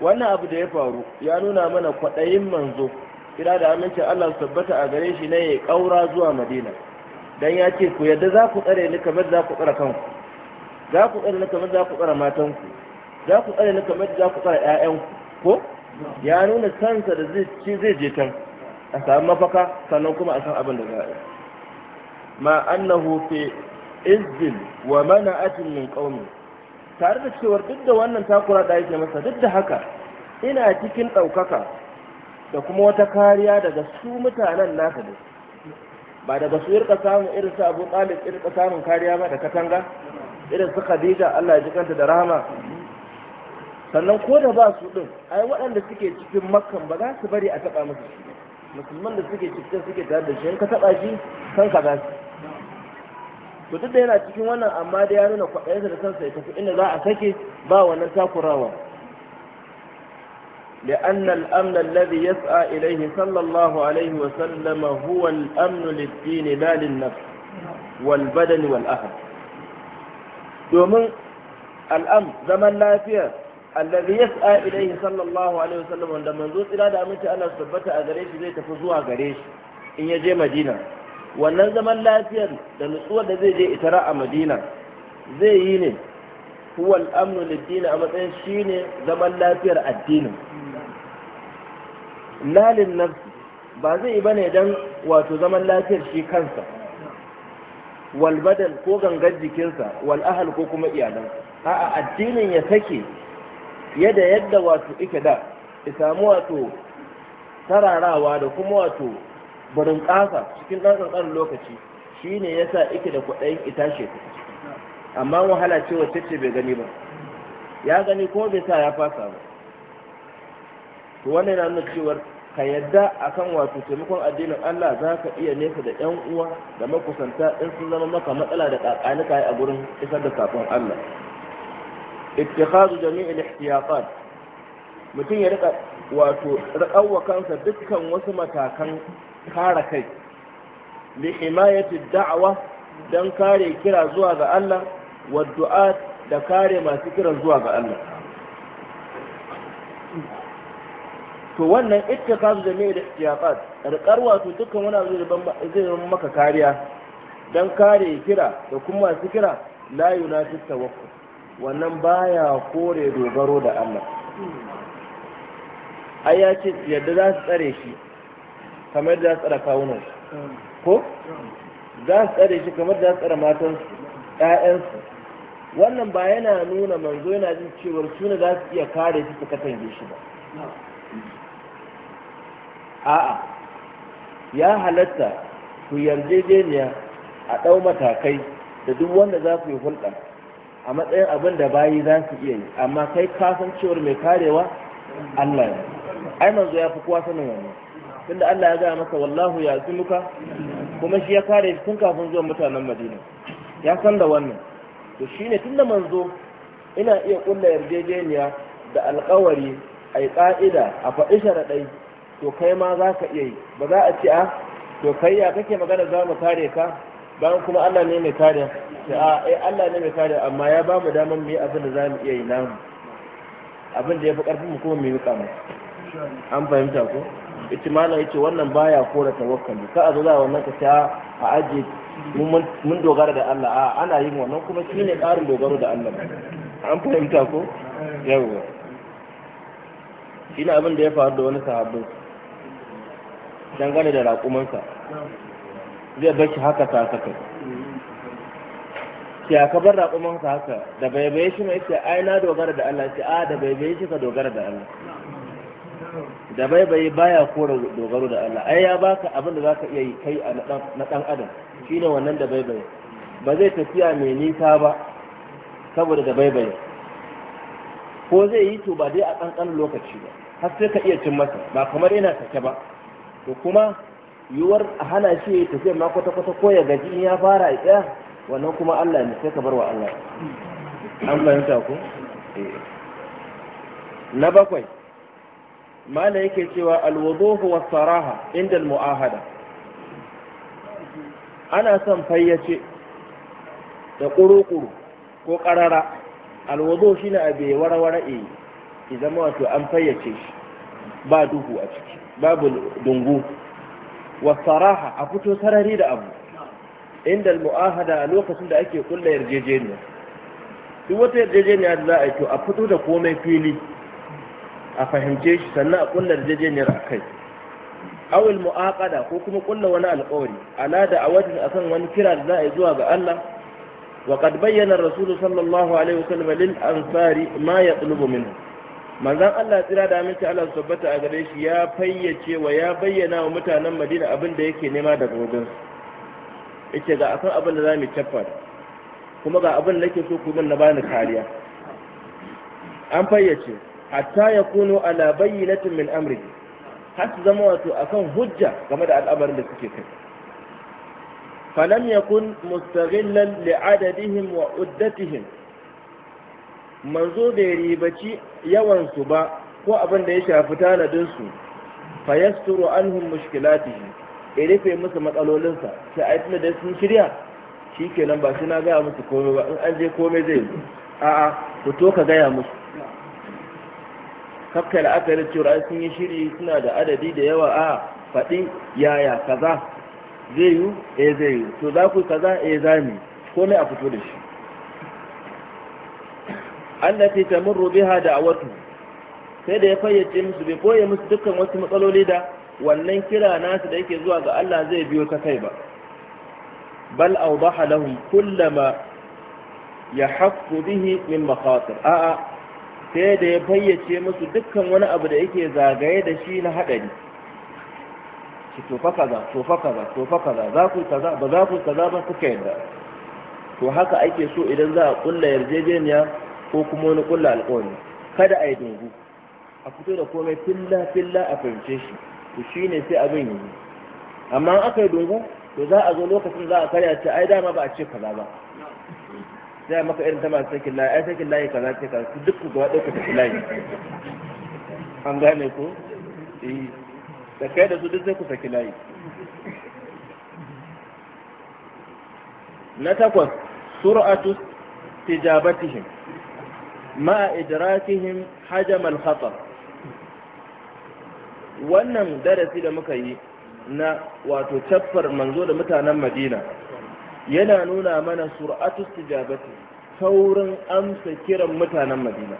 wannan abu da ya faru ya nuna mana kwaɗayin manzo kira da amincin Allah su tabbata a gare shi ne ya ƙaura zuwa madina dan ya ce ku yadda za ku tsare ni kamar za ku tsare kanku za ku tsare ni kamar za ku tsare matanku za ku tsare ni kamar za ku tsare ƴaƴanku ko ya nuna kansa da zai je can a samu mafaka sannan kuma a san abin da za a yi ma annahu fi izzin wa mana'atin min qaumi tare da cewa duk da wannan takura da yake masa duk da haka ina cikin ɗaukaka da kuma wata kariya daga su mutanen nasa da, ba daga su irka samun irin su abu ɗalib irka samun kariya ba da katanga irin su khadija allah ya ji kanta da rahama sannan ko da ba su ɗin, ai waɗanda suke cikin makkan ba za su bari a taɓa musu shi musulman da suke cikin suke tare da shi in ka taɓa shi kan ka za su to duk da yana cikin wannan amma da ya nuna kwaɗayarsa da kansa ya tafi inda za a sake ba wannan takurawa لأن الأمن الذي يسعى إليه صلى الله عليه وسلم هو الأمن للدين لا للنفس والبدن والأهل domin al'am zaman lafiya alladhi yas'a ilayhi sallallahu alaihi wanda manzo tsira da aminci ana su tabbata a gare shi zai tafi zuwa gare shi in ya je Madina wannan zaman lafiyar da nutsuwar da zai je itara a Madina zai yi ne huwa al-amnu a matsayin shine zaman lafiyar addinin lalin nafs ba zai yi bane dan wato zaman lafiyar shi kansa wal ko gangar jikinsa wal ahal ko kuma iyalansa a'a addinin ya sake fiye da yadda wato ike da isamu wato tararawa da kuma wato barin kasa cikin ɗan kankan lokaci shi ne ya ike da kwaɗayin itashe ta amma wahala ce wacce ce bai gani ba ya gani ko bai sa ya fasa ba to wannan na nuna cewa ka yadda akan wato taimakon addinin Allah za ka iya nesa da ƴan uwa da makusanta in sun zama maka matsala da ƙaƙanika a gurin isar da sakon Allah ittikhadu jami'il ihtiyaqat mutum ya rika wato rikawa kansa dukkan wasu matakan kare kai li himayati da'wa dan kare kira zuwa ga Allah wa du'a da kare masu kiran zuwa ga Allah to wannan ittikhadu jami'il ihtiyaqat rikar wato dukkan wani abu zai zama maka kariya dan kare kira da kuma masu kira la yunafi tawakkul wannan baya kore dogaro da Allah ai ya ce yadda za su tsare shi kamar da za su tsare kawunan ko za su tsare shi kamar da za su tsare matansu ƴaƴansu wannan ba yana nuna manzo yana jin cewar suna za su iya kare shi su katange shi ba a'a ya halatta ku yarjejeniya a ɗau matakai da duk wanda za ku yi hulɗa a matsayin abin da bayi za su iya yi amma kai kasan cewar mai karewa Allah ne ai manzo ya fi kowa sanin wannan tunda Allah ya gaya masa wallahu ya zuluka kuma shi ya kare shi tun kafin zuwa mutanen Madina ya san da wannan to shine tunda manzo ina iya kulla yarjejeniya da alƙawari ai ƙa'ida a faɗi sharaɗai to kai ma za ka iya yi ba za a ce a ah, to kai ya kake magana za mu kare ka bayan kuma Allah ne mai kariya sai a ah, eh Allah ne mai kariya amma ya ba mu damar mu yi abin da zamu iya yi namu abin da ya fi karfin mu kuma mu yi kama an fahimta ko ita malam yace wannan baya kora tawakkali ka a zo wannan ka ta ah, a aje mun dogara da Allah a ana yin wannan kuma shine ƙarin dogaro da Allah an fahimta ko yawa shine abin da ya faru da wani sahabbai dangane da raƙumansa zai bar shi haka ta haka ya aka bar raƙumin ka haka da bai bai shi mai ce ai na dogara da Allah sai a da bai bai shi ka dogara da Allah da bai bai baya kora dogaro da Allah ai ya baka abin da zaka iya yi kai a na dan adam shine wannan da bai bai ba zai tafiya mai nisa ba saboda da bai bai ko zai yi to ba dai a kankan lokaci ba har sai ka iya cin masa ba kamar yana sake ba to kuma yiwuwar a hana shi ya tafiya ma kwata-kwata ko ya gaji in ya fara a tsaya wannan kuma Allah ne sai ka bar wa Allah an ku eh. na bakwai mala yake cewa alwuduhu wasu saraha inda mu'ahada ana son fayyace da kuru-kuru ko ƙarara, alwudu shine abe warware eh ki zama wato an fayyace shi ba duhu a ciki babu dungu wasaraha a fito sarari da abu inda mu'ahada a lokacin da ake kulla yarjejeniya duk wata yarjejeniya da za a yi to a fito da komai fili a fahimce shi sannan a kulla yarjejeniyar a kai awil mu'aqada ko kuma kulla wani alƙawari ala da awatin akan wani kira da za a yi zuwa ga Allah wa qad bayyana rasul sallallahu alaihi wasallam lil ansari ma yatlubu minhu Manzan Allah tsira da aminci Allah su tabbata a gare shi ya fayyace wa ya bayyana wa mutanen Madina abin da yake nema daga wajen su yace ga akan abin da za mu tafa kuma ga abin da nake so ku min na bani kariya an fayyace hatta yakunu ala bayyinatin min amri har su zama wato akan hujja game da al'amarin da suke kai falam yakun mustaghillan li adadihim wa uddatihim manzo bai ribaci yawansu ba ko abin da ya shafi tanadinsu fa yasturu anhum mushkilatihi ya rufe musu matsalolinsa sai a tuna da sun shirya shikenan ba shi na gaya musu komai ba in an je komai zai yi. a'a to ka gaya musu aka la'akari cewa sun yi shiri suna da adadi da yawa a faɗi yaya kaza zai yi eh zai yi to za ku kaza eh za ne komai a fito da shi allati tamurru biha da'watu sai da ya fayyace musu bai boye musu dukkan wasu matsaloli da wannan kira nasu da yake zuwa ga Allah zai biyo ta kai ba bal awdaha lahum kullama yahaqqu bihi min makhatir a'a sai da ya fayyace musu dukkan wani abu da yake zagaye da shi na hadari ki tofa kaza tofa kaza tofa kaza za ku kaza ba za ku kaza ba kuka yadda to haka ake so idan za a kulla yarjejeniya ko kuma wani kulla alƙawari kada a yi dungu a fito da komai filla filla a fahimce shi to shine sai abin yi amma aka yi dungu to za a zo lokacin za a karya ta ai dama ba a ce kaza ba sai a maka irin ta masu sakin layi ai sakin layi kaza ce kaza duk gaba ɗauka sakin layi an gane ko eh da kai da su duk sai ku saki layi na takwas sura'atu tijabatihim ما idrakihim hajam al wannan darasi da muka yi na wato manzo da mutanen madina yana nuna mana sur'atu tijabati saurin amsa kiran mutanen madina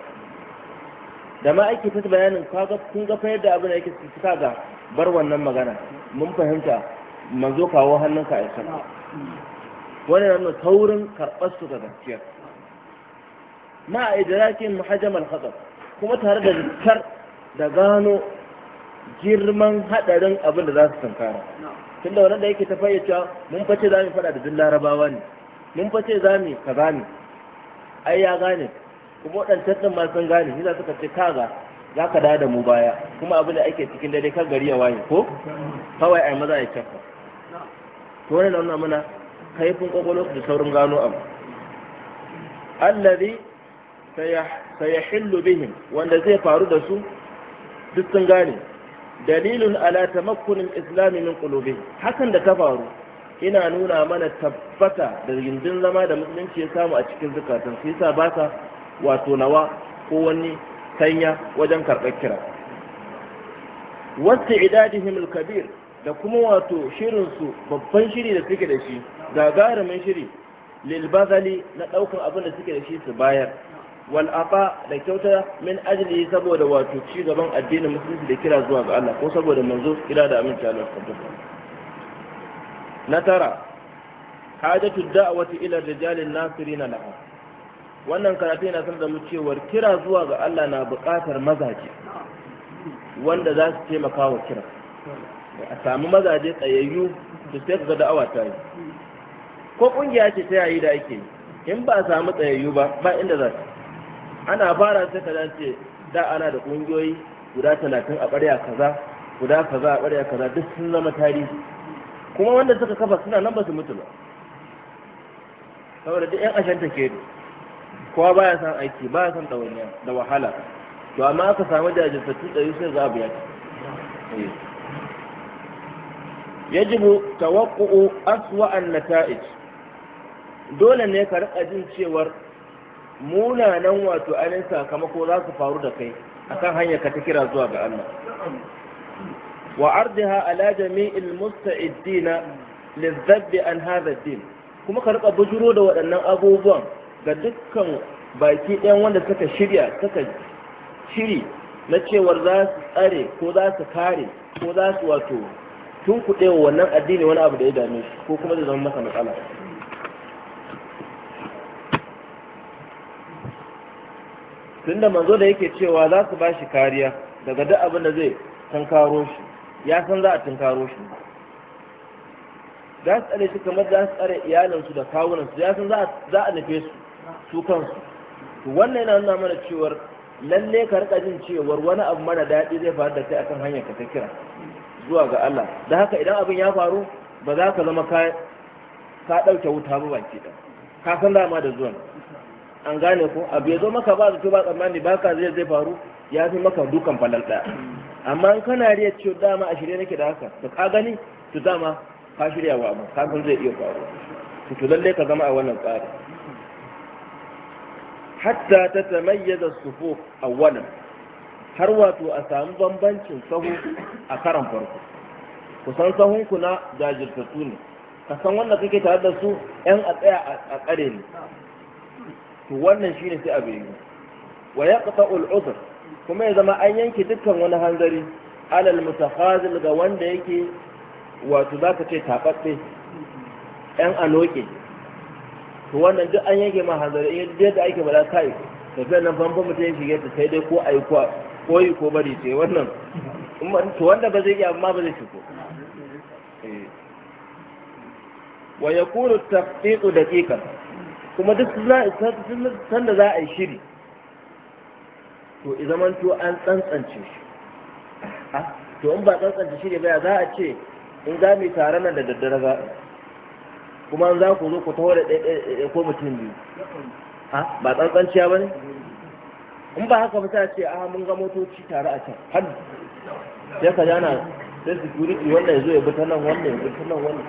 da ma ake ta bayanin kaga kun ga fayar da abin da yake suka ga bar wannan magana mun fahimta manzo kawo hannunka a isa wannan saurin karɓar su ga gaskiya ma a idrakin muhajjamal kuma tare da rikkar da gano girman hadarin abin da za su sankara, tunda wannan da yake ta fayyacewa mun ce za mu faɗa da duk larabawa ne mun ce za mu kaza ne ai ya gane kuma waɗancan ɗin ma sun gane shi suka ce kaga za ka da mu baya kuma abin da ake cikin dare kan gari ya waye ko kawai ai maza ya cafa to wani nuna mana kaifin kwakwalwa da saurin gano abu allazi sayahillu bihim wanda zai faru da su duk sun gane dalilun ala tamakkunin islami min qulubihim hakan da ta faru ina nuna mana tabbata da gindin zama da musulunci ya samu a cikin zukatan su yasa ba wato nawa ko wani sanya wajen karɓar kira wasu idadihim al-kabir da kuma wato shirinsu babban shiri da suke da shi gagarumin shiri lilbazali na ɗaukar abin da suke da shi su bayar wal da kyauta min ajli saboda wato ci gaban addinin musulunci da kira zuwa ga Allah ko saboda manzo kira da aminci Allah tabbata na tara hajatu da'wati ila rijalin nasirin laha wannan karatu yana sanar da mu cewar kira zuwa ga Allah na buƙatar mazaje wanda za su taimaka wa kira a samu mazaje tsayayyu su sai ga da'awa ta yi ko kungiya ce ta yayi da ake in ba a samu tsayayyu ba ba inda za su ana fara sai ka dace da ana da kungiyoyi guda talatin a ɓarya kaza guda kaza a ɓarya kaza duk sun zama tarihi kuma wanda suka kafa suna nan ba su mutu ba saboda duk yan ashanta ke kowa baya son aiki baya son ɗawainiya da wahala to amma aka samu jajirtattu ɗari sai za a biya yajibu tawaqqu'u aswa an nata'ij dole ne ka rika jin cewar munanan wato ainihin sakamako za su faru da kai a kan hanyar ka ta kira zuwa ga Allah wa ardiha ala jami'il musta'iddina lizzabbi an hadha din kuma ka rika bujuro da waɗannan abubuwan ga dukkan baki ɗayan wanda suka shirya suka shiri na cewar za su tsare ko za su kare ko za su wato tunkuɗe wannan addini wani abu da ya dame shi ko kuma da zama masa matsala tun da manzo da yake cewa za su ba shi kariya daga duk abin da zai tunkaro shi ya san za a tunkaro shi za su tsare shi kamar za su tsare iyalinsu da kawunansu ya san za a nufe su su kansu to wannan yana nuna mana cewar lalle ka rika jin cewar wani abu mana daɗi zai faru da kai akan hanyar ka ta kira zuwa ga Allah da haka idan abin ya faru ba za ka zama ka ɗauke wuta ba baki ɗaya ka san dama da zuwan an gane ku abu ya zo maka ba zato ba tsammani ba ka zai zai faru ya fi maka dukan falal ɗaya amma in kana riya ciwo dama a shirye nake da haka to ka gani to dama ka shirya wa ba kafin zai iya faruwa to to lalle ka zama a wannan tsari hatta ta tamayyaza a wannan har wato a samu bambancin sahu a karan farko kusan sahunku na jajirtattu ne ka san wanda kake tare da su yan a tsaya a tsare ne to wannan shi ne sai a yi wa yaqta'u al-udhr kuma ya zama an yanke dukkan wani hanzari alal mutafazil ga wanda yake wato zaka ce tababbe yan anoke to wannan duk an yanke ma hanzari in yadda ake bala kai tafiya nan famfo mutum ya shige ta sai dai ko ai ko koyi ko bari ce wannan to wanda ba zai iya amma ba zai shigo eh. wa yakunu da ƙiƙa. kuma duk sanda za a yi shiri to izamanto an tsantsance shi to in ba tsantsance shiri ba za a ce in za mu tare nan da daddare za kuma an za ku zo ku taho da ɗaiɗaiɗaiɗai ko mutum biyu ba tsantsanciya ba ne in ba haka ba ta ce a mun ga motoci tare a can har sai ka jana sai security wannan ya zo ya bi ta nan wannan ya bi ta nan wannan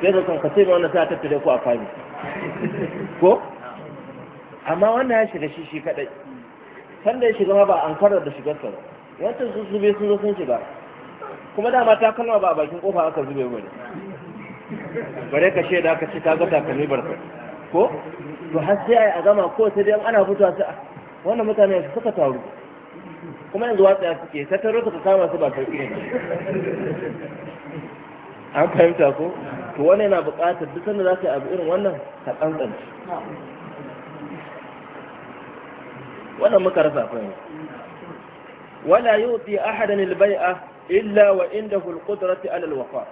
sai ka kan ka sai ma wannan sai a tattare ku a fami ko amma wannan ya shiga shi shi kadai sanda ya shiga ma ba an karar da shigar ba wancan sun zube sun zo sun shiga kuma dama ta kalma ba a bakin kofa aka zube ba ne bare ka shaida aka ci ka ga takalmi barka ko to har sai ai a gama ko sai dai ana fitowa sai wannan mutane su suka taru kuma yanzu watsa suke sai ta ka kama su ba sauki ne an fahimta ko to wannan yana buƙatar duk sanda za ka yi abu irin wannan ka tsantsance wannan muka rasa fahimta wala yuti ahadan albai'a illa wa indahu alqudratu ala alwafa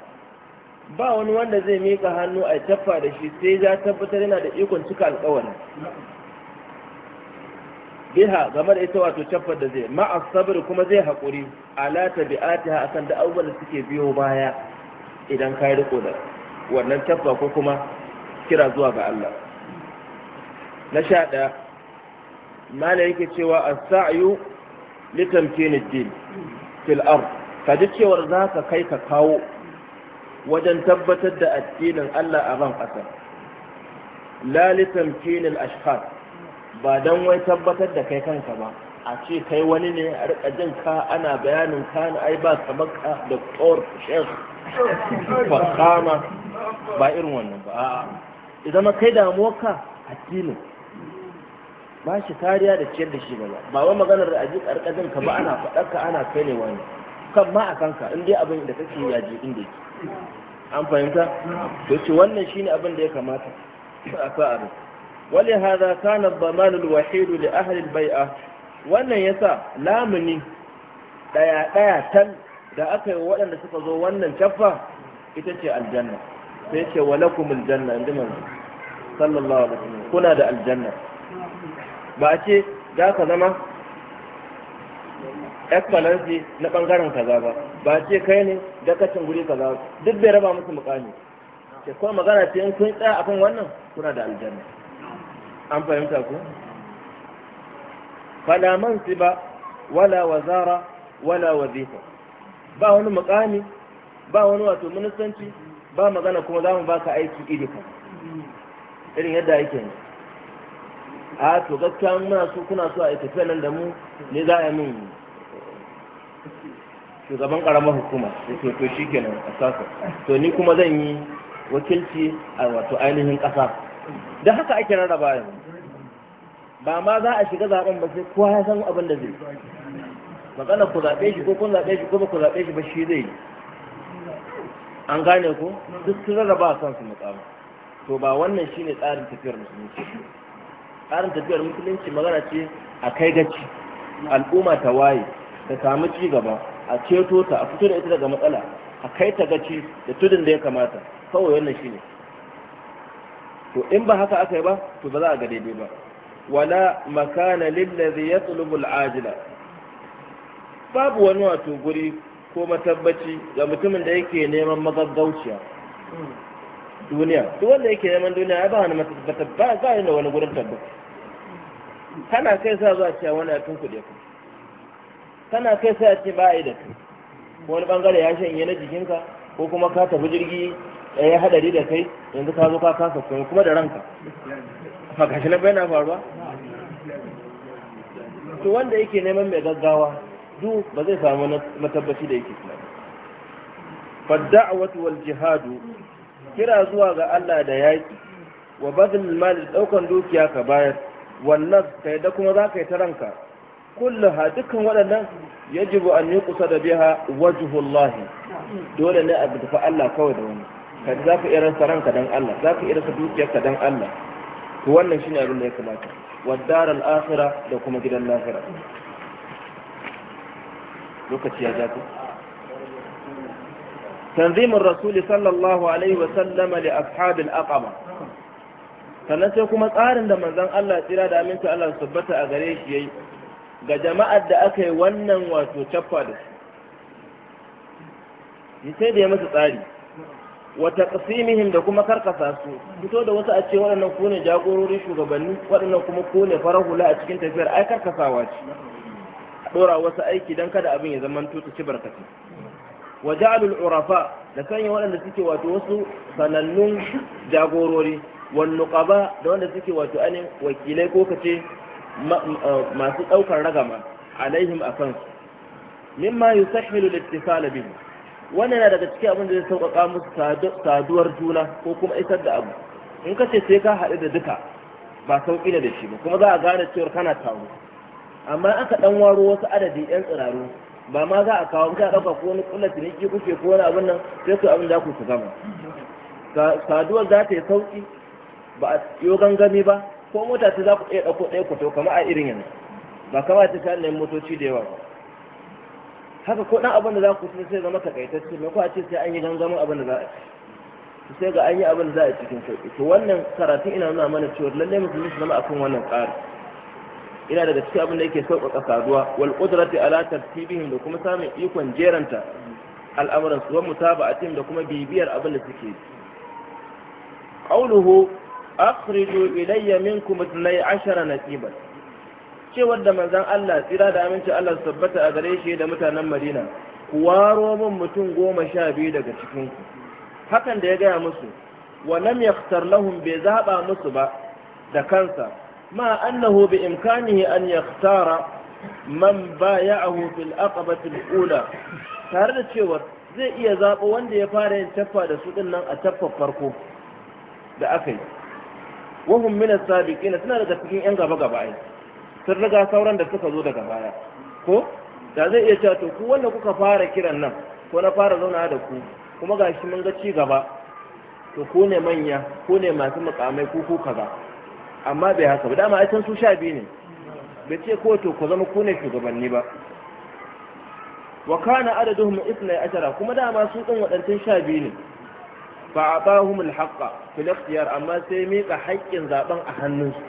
ba wani wanda zai mika hannu a tafa da shi sai ya tabbatar yana da ikon cika alƙawarin biha game da ita wato cafar da zai ma'a sabir kuma zai haƙuri ala tabi'atiha akan da abubuwan da suke biyo baya idan ka riko da wannan tabba ko kuma kira zuwa ga Allah na sha da mala yake cewa as-sa'yu li tamkinid din fil ard ka ji cewar za kai ka kawo wajen tabbatar da addinin Allah a ban ƙasa la li tamkinil ashkhas ba dan wai tabbatar da kai kanka ba a ce kai wani ne a rika jin ka ana bayanin ka na ai ba kamar ka da shekhu fasama ba irin wannan ba a'a idan ma kai damuwarka addinin ba shi kariya da ciyar da shi ba ba wai maganar da aji karkadin ka ba ana faɗarka ana kai ne wani kan ma a kanka in dai abin da kake ya ji inda yake an fahimta to ce wannan shine abin da ya kamata a sa abin wali hadha kana dhamanul wahid li ahli al-bai'a wannan yasa lamuni daya daya tan da aka yi waɗanda suka zo wannan caffa ita ce aljanna sai ce wa lakum aljanna inda manzo sallallahu alaihi wasallam kuna da aljanna ba a ce za ka zama ekwalansi na bangaren kaza ba ba a ce kai ne dakacin guri kaza duk bai raba musu mukami ce kuma magana ce in kun tsaya akan wannan kuna da aljanna an fahimta ku fala man siba wala wazara wala wazifa ba wani mukami ba wani wato ministanci ba magana kuma za mu baka aiki iri ka irin yadda ake ne a to gaskiya muna so kuna so a tafiya nan da mu ne za a min shugaban karamar hukuma da ke to shi kenan a sasa to ni kuma zan yi wakilci a wato ainihin ƙasa da haka ake rarraba yanzu ba ma za a shiga zaben ba sai kowa ya san abin da zai magana ku zaɓe shi ko kun zaɓe shi ko ba ku zaɓe shi ba shi zai yi an gane ku duk sun rarraba a kansu mukamu to ba wannan shi ne tsarin tafiyar musulunci tsarin tafiyar musulunci magana ce a kai gaci al'umma ta waye ta samu ci gaba a ceto ta a fito da ita daga matsala a kai ta gaci da tudun da ya kamata kawai wannan ne. to in ba haka aka yi ba to ba za a ga daidai ba wala makana lillazi yatlubul ajila. babu wani wato guri ko matabbaci ga mutumin da yake neman magaggauciya duniya duk wanda yake neman duniya ya ba wani matabbata ba za yi da wani gurin tabbata kana kai sa zuwa cewa wani a tunkuɗe ka kana kai sa ce ba a yi da kai wani bangare ya shanye na jikinka ko kuma ka tafi jirgi ya hadari da kai yanzu ka zo ka kasa kuma kuma da ranka ba gashi na bai na faruwa to wanda yake neman mai gaggawa duk ba zai samu matabbaci da yake tunani wata wal jihadu kira zuwa ga Allah da yaƙi wa bazin mali ɗaukan dukiya ka bayar wannan ka yadda kuma za ka yi ta ranka ha dukkan waɗannan yajibu an yi kusa da biha wajuhullahi dole ne a tafi Allah kawai da wani ka za ka iya rasa ranka don Allah za ka iya rasa ka don Allah to wannan ne abin da ya kamata wa al-akhirah da kuma gidan lahira lokaci ya jato tanzimin rasuli sallallahu alaihi wasallama li ashabil aqaba sannan sai kuma tsarin da manzon Allah tsira da aminci Allah su bata a gare shi yayi ga jama'ar da aka yi wannan wato cappa da su sai da ya masa tsari wa taqsimihim da kuma karkasa su fito da wasu a ce waɗannan ku ne jagorori shugabanni waɗannan kuma kone ne farahula a cikin tafiyar ai karkasawa ce dora ɗora wasu aiki don kada abin ya zama tuta ci barkatu wa ja'alul urafa da sanya waɗanda suke wato wasu sanannun jagorori wannan nuqaba da wanda suke wato anin wakilai ko kace masu ɗaukar ragama alaihim akan su mimma yusahhilu al-ittisal bihim wannan na daga cikin abin da zai sauƙaƙa musu saduwar juna ko kuma isar da abu in kace sai ka haɗu da duka ba sauƙi ne da shi ba kuma za a gane cewar kana taro amma aka dan waro wasu adadi yan tsiraru ba ma za a kawo ka dauka ko wani kullu tiniki kuke ko wani abin nan sai ku abin da ku su gama saduwar za ta yi sauki ba a yo gangami ba ko mota ta za ku iya dauko ɗaya kwato kamar a irin yanzu ba kama ta ne motoci da yawa ba haka ko dan abin da za ku ci sai zama takaitacce me ko a ce sai an yi gangami abin da za a ci sai ga an yi abin da za a cikin sauki to wannan karatun ina nuna mana cewa lallai musulmi su zama akan wannan tsari ina daga cikin abin da yake sauƙaƙa saduwa wal qudrati ala tartibihim da kuma samun ikon jeranta al'amuran su wa mutaba'atin da kuma bibiyar abin da suke qauluhu akhriju ilayya minkum 12 nasiban cewar da manzon Allah tsira da aminci Allah su tabbata a gare shi da mutanen Madina ku waro min mutum goma sha biyu daga cikin ku hakan da ya gaya musu wa lam yakhtar lahum bai zaba musu ba da kansa مع أنه بإمكانه أن يختار من بايعه في الأقبة الأولى تارد شوار zai iya zaɓo wanda ya fara yin taffa da su ɗin nan a taffa farko da aka yi wahun minas sabiƙina suna daga cikin 'yan gaba-gaba ai sun riga sauran da suka zo daga baya ko da zai iya cewa to ku wanda kuka fara kiran nan ko na fara zauna da ku kuma gashi mun ga ci gaba to ku ne manya ku ne masu mukamai ko ku kaza amma bai haka ba dama a can su sha biyu ne bai ce ko to ku zama ku ne shugabanni ba wa kana adaduhum ithna ashara kuma dama su din wadantan sha biyu ne fa abahum alhaqqa fil ikhtiyar amma sai mika haƙƙin zaben a hannunsu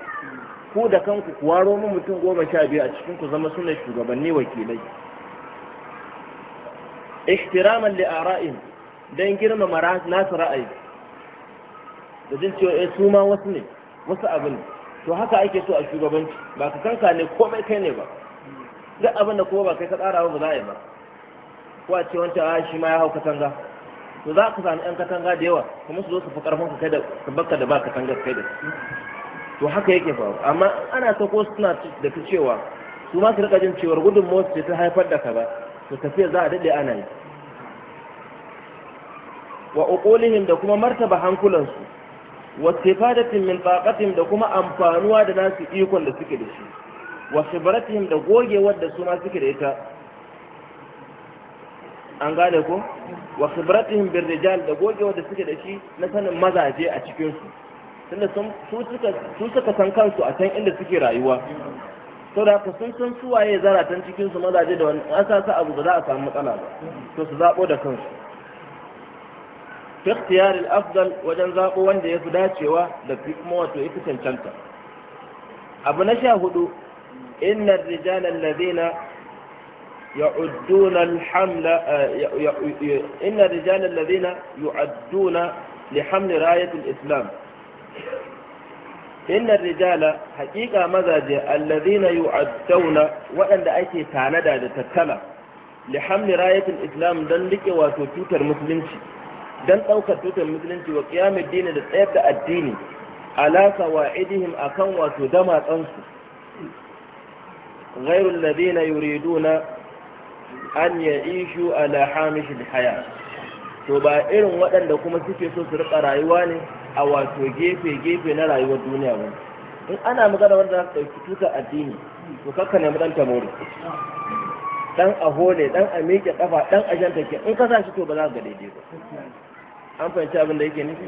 ku da kanku ku waro mu mutum goma sha biyu a cikin ku zama suna shugabanni wakilai ihtiraman li ara'in dan girmama nasu ra'ayi da jin cewa eh, su ma wasu ne musu abin to haka ake so a shugabanci ba ka kanka ne komai kai ne ba duk abin da kuma ba kai ka tsara ba za a yi ba ko a ce wancan a ah, shi ma ya hau katanga to za ka sami yan katanga da yawa kuma su zo su fi karfin ka kai da baka da ba katanga kai da to haka yake faru amma ana ta ko suna da ta cewa su ma su rika jin cewar gudun motsi ce ta haifar da kaza to tafiya za a daɗe ana yi wa uqulihim da kuma martaba hankulansu wasifadatin min taqatin da kuma amfanuwa da nasu ikon da suke da shi wa khibratihim da goge wadda su ma suke da ita an gane ko wa khibratihim bir rijal da goge da suke da shi na sanin mazaje a cikin su tunda su suka su suka san kansu a can inda suke rayuwa saboda haka sun san suwaye zaratan cikin su mazaje da wani asasa abu da za a samu matsala ba to su zabo da kansu في اختيار الأفضل وجنزاق وان دي يفداد شواء دفق موتو إفتن شمتا أبو نشاهد إن الرجال الذين يعدون الحمل آه، إن الرجال الذين يعدون لحمل راية الإسلام إن الرجال حقيقة مزاج الذين يعدون وأن أيتي تاندا لتتلى لحمل راية الإسلام دلك وتوتر مسلمش dan ɗaukar tutar musulunci wa kiyamin dini da tsayar da addini ala sawa'idihim akan wato su غير الذين yuriduna an ya'ishu ala hamish alhaya to ba irin waɗanda kuma suke so su rika rayuwa ne a wato gefe-gefe na rayuwar duniya ba in ana magana wanda za su ɗauki tutar addini to kakka dan ɗan tamori Dan aho ne dan a miƙe ƙafa dan a jan in ka sa shi to ba za ka ga daidai ba an fahimci abin da yake nufi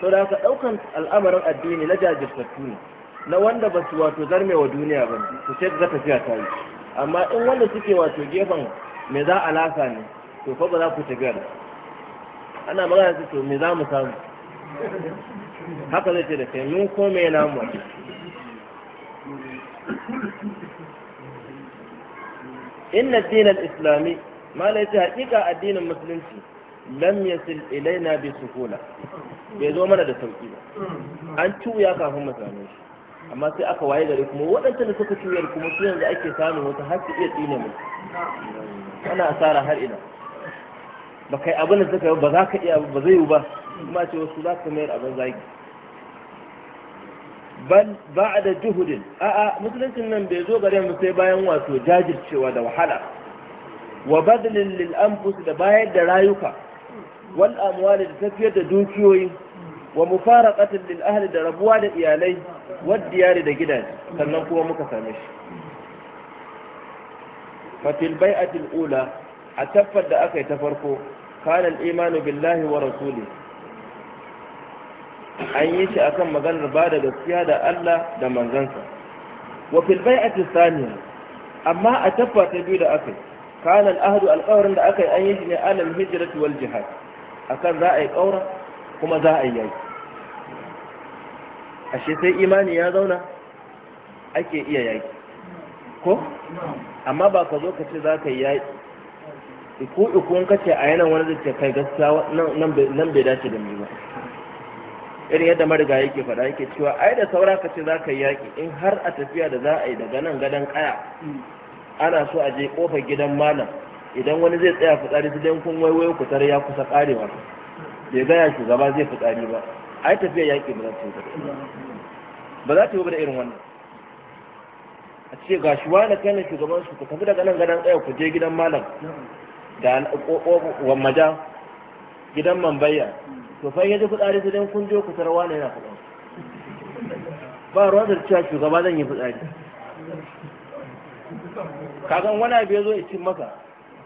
to da haka daukan al'amarin addini na jajirtattu ne na wanda ba su wato zarme wa duniya ba su sai ga fiya ta yi amma in wanda suke wato gefen me za a lasa ne to fa ba za ku tafiya da ana magana su to me za mu samu haka zai ce da kai mun kome na namu inna dinal islami ma la ta hakika addinin musulunci lam yasil ilaina bi sukuna bai zo mana da sauki ba an cuya kafin mu same shi amma sai aka waye gari kuma waɗanda da suka cuyar kuma su yanzu ake samu wata har su iya tsine mu ana asara har ina ba kai abin da suka yi ba za ka iya ba zai yi ba kuma ce wasu za ka mayar abin zagi bal ba'da juhudin a'a musuluncin nan bai zo gare mu sai bayan wato jajircewa da wahala wa badalin lil anfus da bayar da rayuka wal ne da tafiyar da dukiyoyi wa mufaraqatin lil ahli da rabuwa da iyalai wad diyari da gidaje sannan kuma muka same shi fa fil bai'ati al ula a tabbar da aka yi ta farko kana imanu billahi wa rasuli an yi shi akan maganar ba da gaskiya da Allah da manzansa wa amma a biyu da aka yi ahdu da aka yi an yi shi ne alal jihad akan za a yi ƙaura kuma za a yi ashe sai imani ya zauna ake iya yayi ko amma ba ka zo ka ce za ka yi yayi iku iku in ce a yanar wani zai kai gaskiya nan bai dace da mai ba irin yadda mariga yake fada yake cewa ai da saura ka ce za ka yi yaƙi in har a tafiya da za a yi daga nan gadon kaya ana so a je kofar gidan malam idan wani zai tsaya fitsari su dan kun waiwai ku tare ya kusa karewa bai gaya shugaba zai fitsari ba ai tafiya yaƙi ba za ta yi ba za ta yi ba da irin wannan a ce ga shi wani kai na shugaban su ku tafi daga nan gadan tsaya ku je gidan malam da maja gidan Mambaya. to fa yaje fitsari su dan kun je ku tarwa ne yana fitsari ba ruwan da cewa shugaba zan yi fitsari kagan wani abu ya zo ya cin maka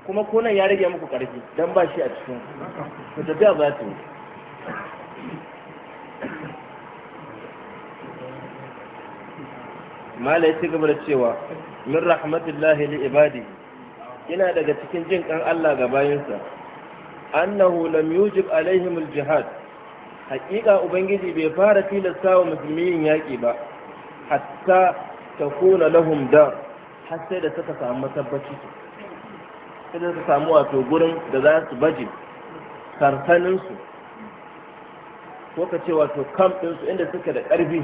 kuma konan ya rage muku ƙarfi don ba shi a cikin ku tafiya ba ta yi mala ya ci gaba da cewa min rahmatullahi li ibadi yana daga cikin jin kan Allah ga bayinsa annahu lam yujib alaihim aljihad haƙiƙa ubangiji bai fara tilasta wa musulmi yin yaƙi ba hatta takuna lahum da har sai da suka samu tabbaci sai su samu wato gurin da za su baje karsaninsu, ko ka ce wato kamfinsu inda suke da ƙarfi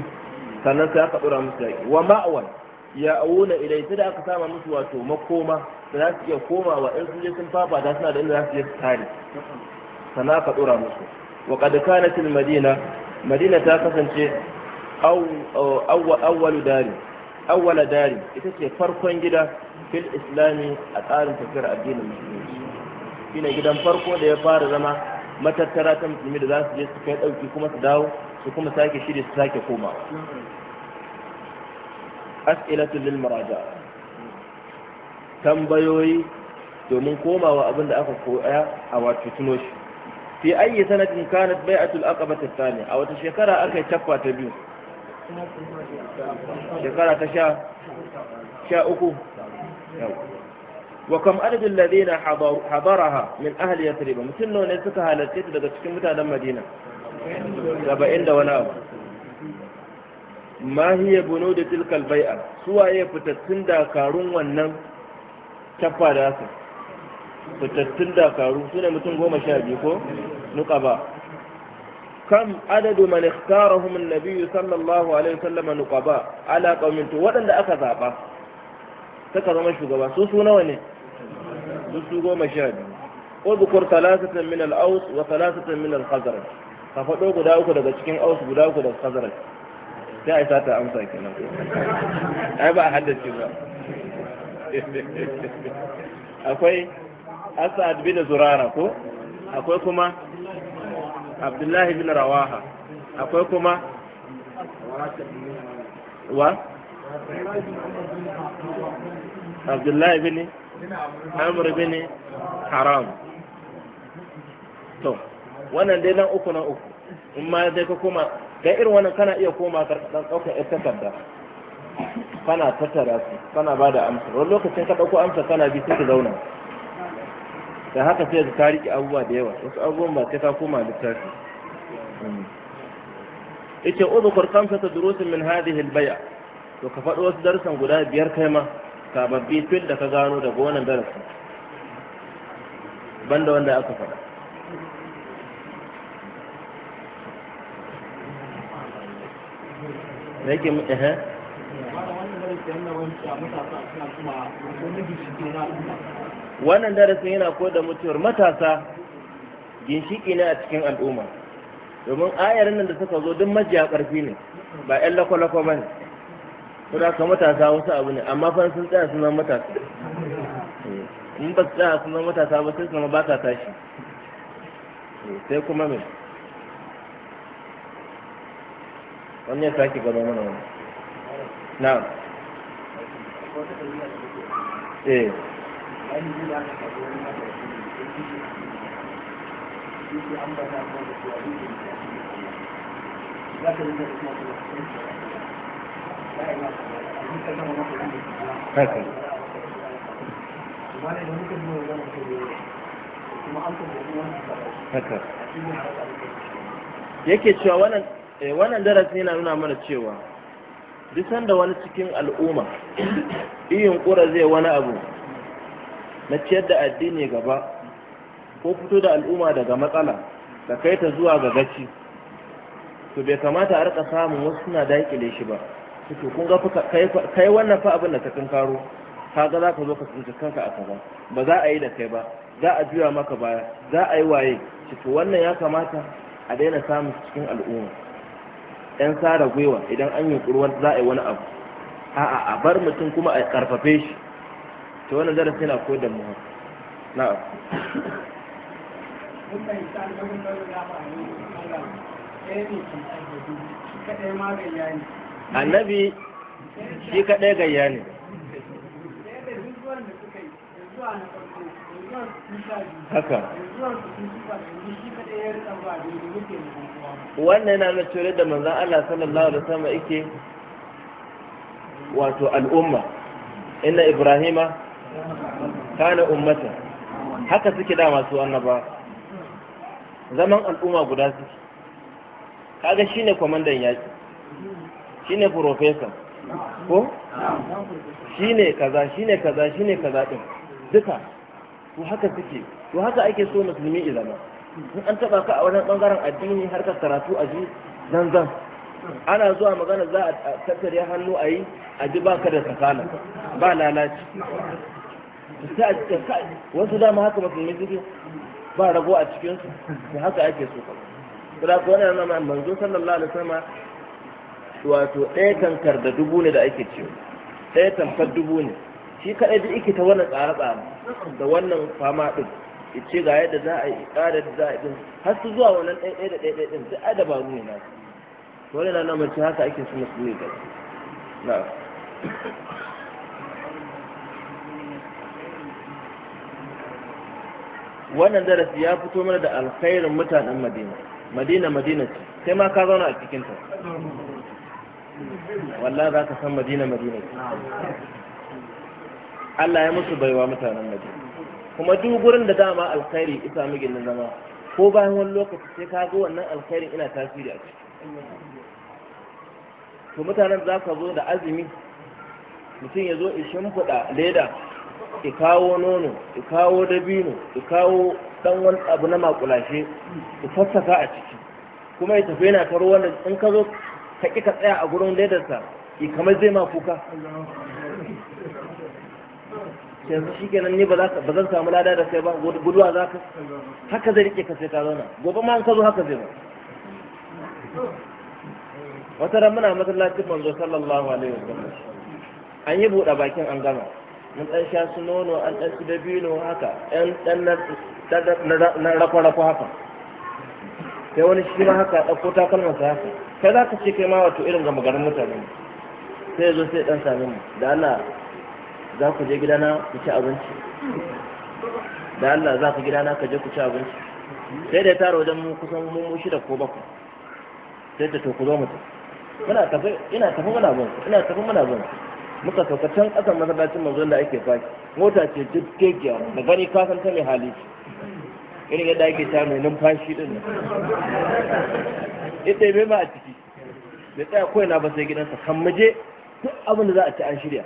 sannan sai aka ɗora musu yaƙi wa ma'awan ya auna idan sai da aka sama musu wato makoma da za su iya komawa in sun je sun fafa da suna da inda za su je su tare sannan aka ɗora musu wa qad kanat madina madina ta kasance awwalu dari awwala dari ita ce farkon gida fil islami a tsarin tafiyar addinin musulunci shine gidan farko da ya fara zama matattara ta musulmi da za su je su kai dauki kuma su dawo su kuma sake shiri su sake koma. as'ilatu lil muraja tambayoyi domin komawa abin da aka koya a wato tuno shi fi ayi sanatin kanat bai'atul aqaba tsani a wata shekara aka yi ta biyu shekara ta sha sha uku wa kam adadin ladina ha min ahali ahli ba mutum nawa ne suka halarci ta daga cikin mutanen madina saba'in da wani abu ma hiya bunu da tilkal bai'a suwaye fitattun dakarun wannan tafa da su fitattun dakaru su ne mutum goma sha biyu ko nuka ba kam adadu man ikhtarahum an-nabiy sallallahu alaihi wasallam nuqaba ala qaumin to wadanda aka zaba suka zama shugaba su su nawa ne su su goma sha biyu udhkur thalathatan min al Aus wa thalathatan min al-khazraj ka faɗo guda uku daga cikin aus guda uku daga khazraj sai a ta amsa kenan ai ba a haddace ba akwai asad bin zurara ko akwai kuma abdullahi bin rawaha akwai kuma wa abdullahi bin amr bin haram to wannan dai nan uku na uku in ma dai ka koma ga irin wannan kana iya koma ka dan ɗaukar ita takarda kana tattara su kana ba da amsa wani lokacin ka ɗauko amsa kana bi suka zauna da haka sai ka riƙe abubuwa da yawa wasu abubuwan ba sai ka koma littafi yace udhkur khamsata durusin min hadhihi al-bay'a to ka faɗo wasu darsan guda biyar kai ma sababbi fil da ka gano daga wannan darasin banda wanda aka faɗa yake eh wannan darasin yana ko da mutuwar matasa ginshiki ne a cikin al'umma domin ayar nan da suka zo duk majiya ƙarfi ne ba ƴan lakwalakwa ba ne suna ka matasa wasu abu ne amma fa sun tsaya sun zama matasa in ba su tsaya sun zama matasa ba sai su zama ba sa tashi sai kuma me wannan ya sake gaba mana wani na'am eh yake cewa wannan eh, wannan darasi yana nuna mana cewa duk sanda wani cikin al'umma iyin *clears throat* kura zai wani abu na ciyar da addini gaba ko fito da al'umma daga matsala da kai ta zuwa ga gaci to bai kamata a rika samun wasu suna daƙile shi ba to kun ga kai wannan fa abin da ka ga za ka zo ka tsinci kanka a kaza ba za a yi da kai ba za a juya maka baya za a yi waye to wannan ya kamata a daina samun cikin al'umma yan sara gwiwa idan an yi kurwan za a yi wani abu a'a a bar mutum kuma a karfafe shi to wannan darasi yana koyar da mu na'am annabi shi kaɗai gayya ne haka wannan yana na cire da manzan Allah sallallahu alaihi wasallam ike wato al'umma inna ibrahima kana ummata haka suke da masu annaba zaman al'umma guda suke kaga shine kwamandan yaki shine professor ko shine kaza shine kaza shine kaza din duka to haka suke to haka ake so musulmi zama in an taba ka a wannan bangaren addini har ka karatu a ji zanzan ana zuwa magana za a tattare hannu a yi a ji baka da tsakana ba lalaci wasu dama haka musulmi suke ba rago a cikin su haka ake so kuma kuma yana wannan nan manzo sallallahu alaihi wasallam wato ɗaya tankar da dubu ne da ake ciwo ɗaya tamkar dubu ne shi kaɗai da ike ta wannan tsare-tsare da wannan fama ɗin ce ga yadda za a yi ƙara da za a yi har su zuwa wannan ɗaya da ɗaya ɗin duk ai dabaru ne na to Wani na mace haka ake so musulmi da na wannan darasi ya fito mana da alkhairin mutanen madina madina madina ce sai ma ka zauna a cikinta wallah za ka san madina madina ce Allah ya musu baiwa mutanen madina kuma duk gurin da dama alkhairi isa mugin zama ko bayan wani lokaci sai ka ga wannan alkhairin ina tasiri a ciki to mutanen za ka zo da azumi mutum ya zo ishimfuda leda ki kawo nono ki kawo dabino ki kawo dan wani abu na makulashe ki sassaka a ciki kuma ya tafi yana ta ruwan da in ka zo ka ƙi ka tsaya a gurin ledarsa ya kamar zai ma kuka yanzu shi kenan ni ba zan samu lada da kai ba guduwa za ka haka zai rike ka sai ka zauna gobe ma an ka zo haka zai ba wata ran muna masallacin manzo sallallahu alaihi wasallam an yi buɗe bakin an gama mun ɗan sha su nono an ɗan su dabino haka ɗan ɗan na rafa-rafa haka sai wani shi ma haka ɗauko sa haka kai za ka ce kai ma wato irin gama garin mutane sai zo sai ɗan sami mu da Allah za ku je gidana ku ci abinci da Allah za ku gidana ka je ku ci abinci sai da ya tara wajen mu kusan mu shida ko bakwai sai ta to ku zo mutum muna tafi ina tafi muna bin ina tafi muna bin muka sauka can kasan masallacin manzon da ake faki mota ce duk kekiya da gani ka san ta mai hali irin yadda ake ta mai numfashi din nan ita bai ma a ciki da tsaya kawai na ba sai gidansa kan muje duk abin da za a ci an shirya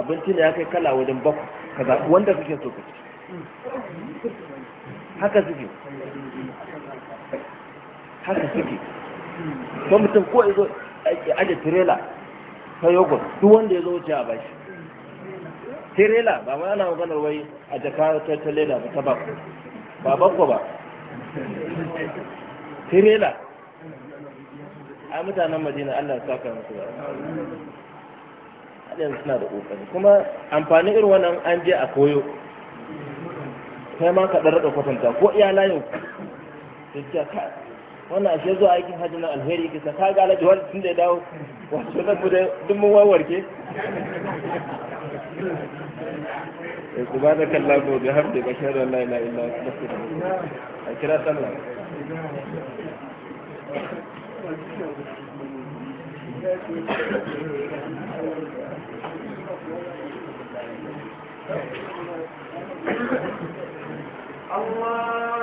abinci ne ya kai kala wajen bakwai ka zaɓi wanda kake so ka ci haka suke haka suke ko mutum ko izo aje tirela Ka yogurt duk wanda ya zo wuce a bashi Tirela ba ma ana maganar wai a jaka ta ta leda ba ta ba ba bakwa ba Tirela. a mutanen madina allah ya saka musu ba hadin suna da kokari kuma amfanin irin wannan an je a koyo kai ma ka ɗan raɗa kwatanta ko iya layin ka wannan ashe zuwa aikin hajji na alheri kisa ka ga alhaji wani tun da ya dawo wato nan ku da duk mun warwarke سبحانك اللهم وبحمدك اشهد ان لا اله الا انت استغفرك كده صلى الله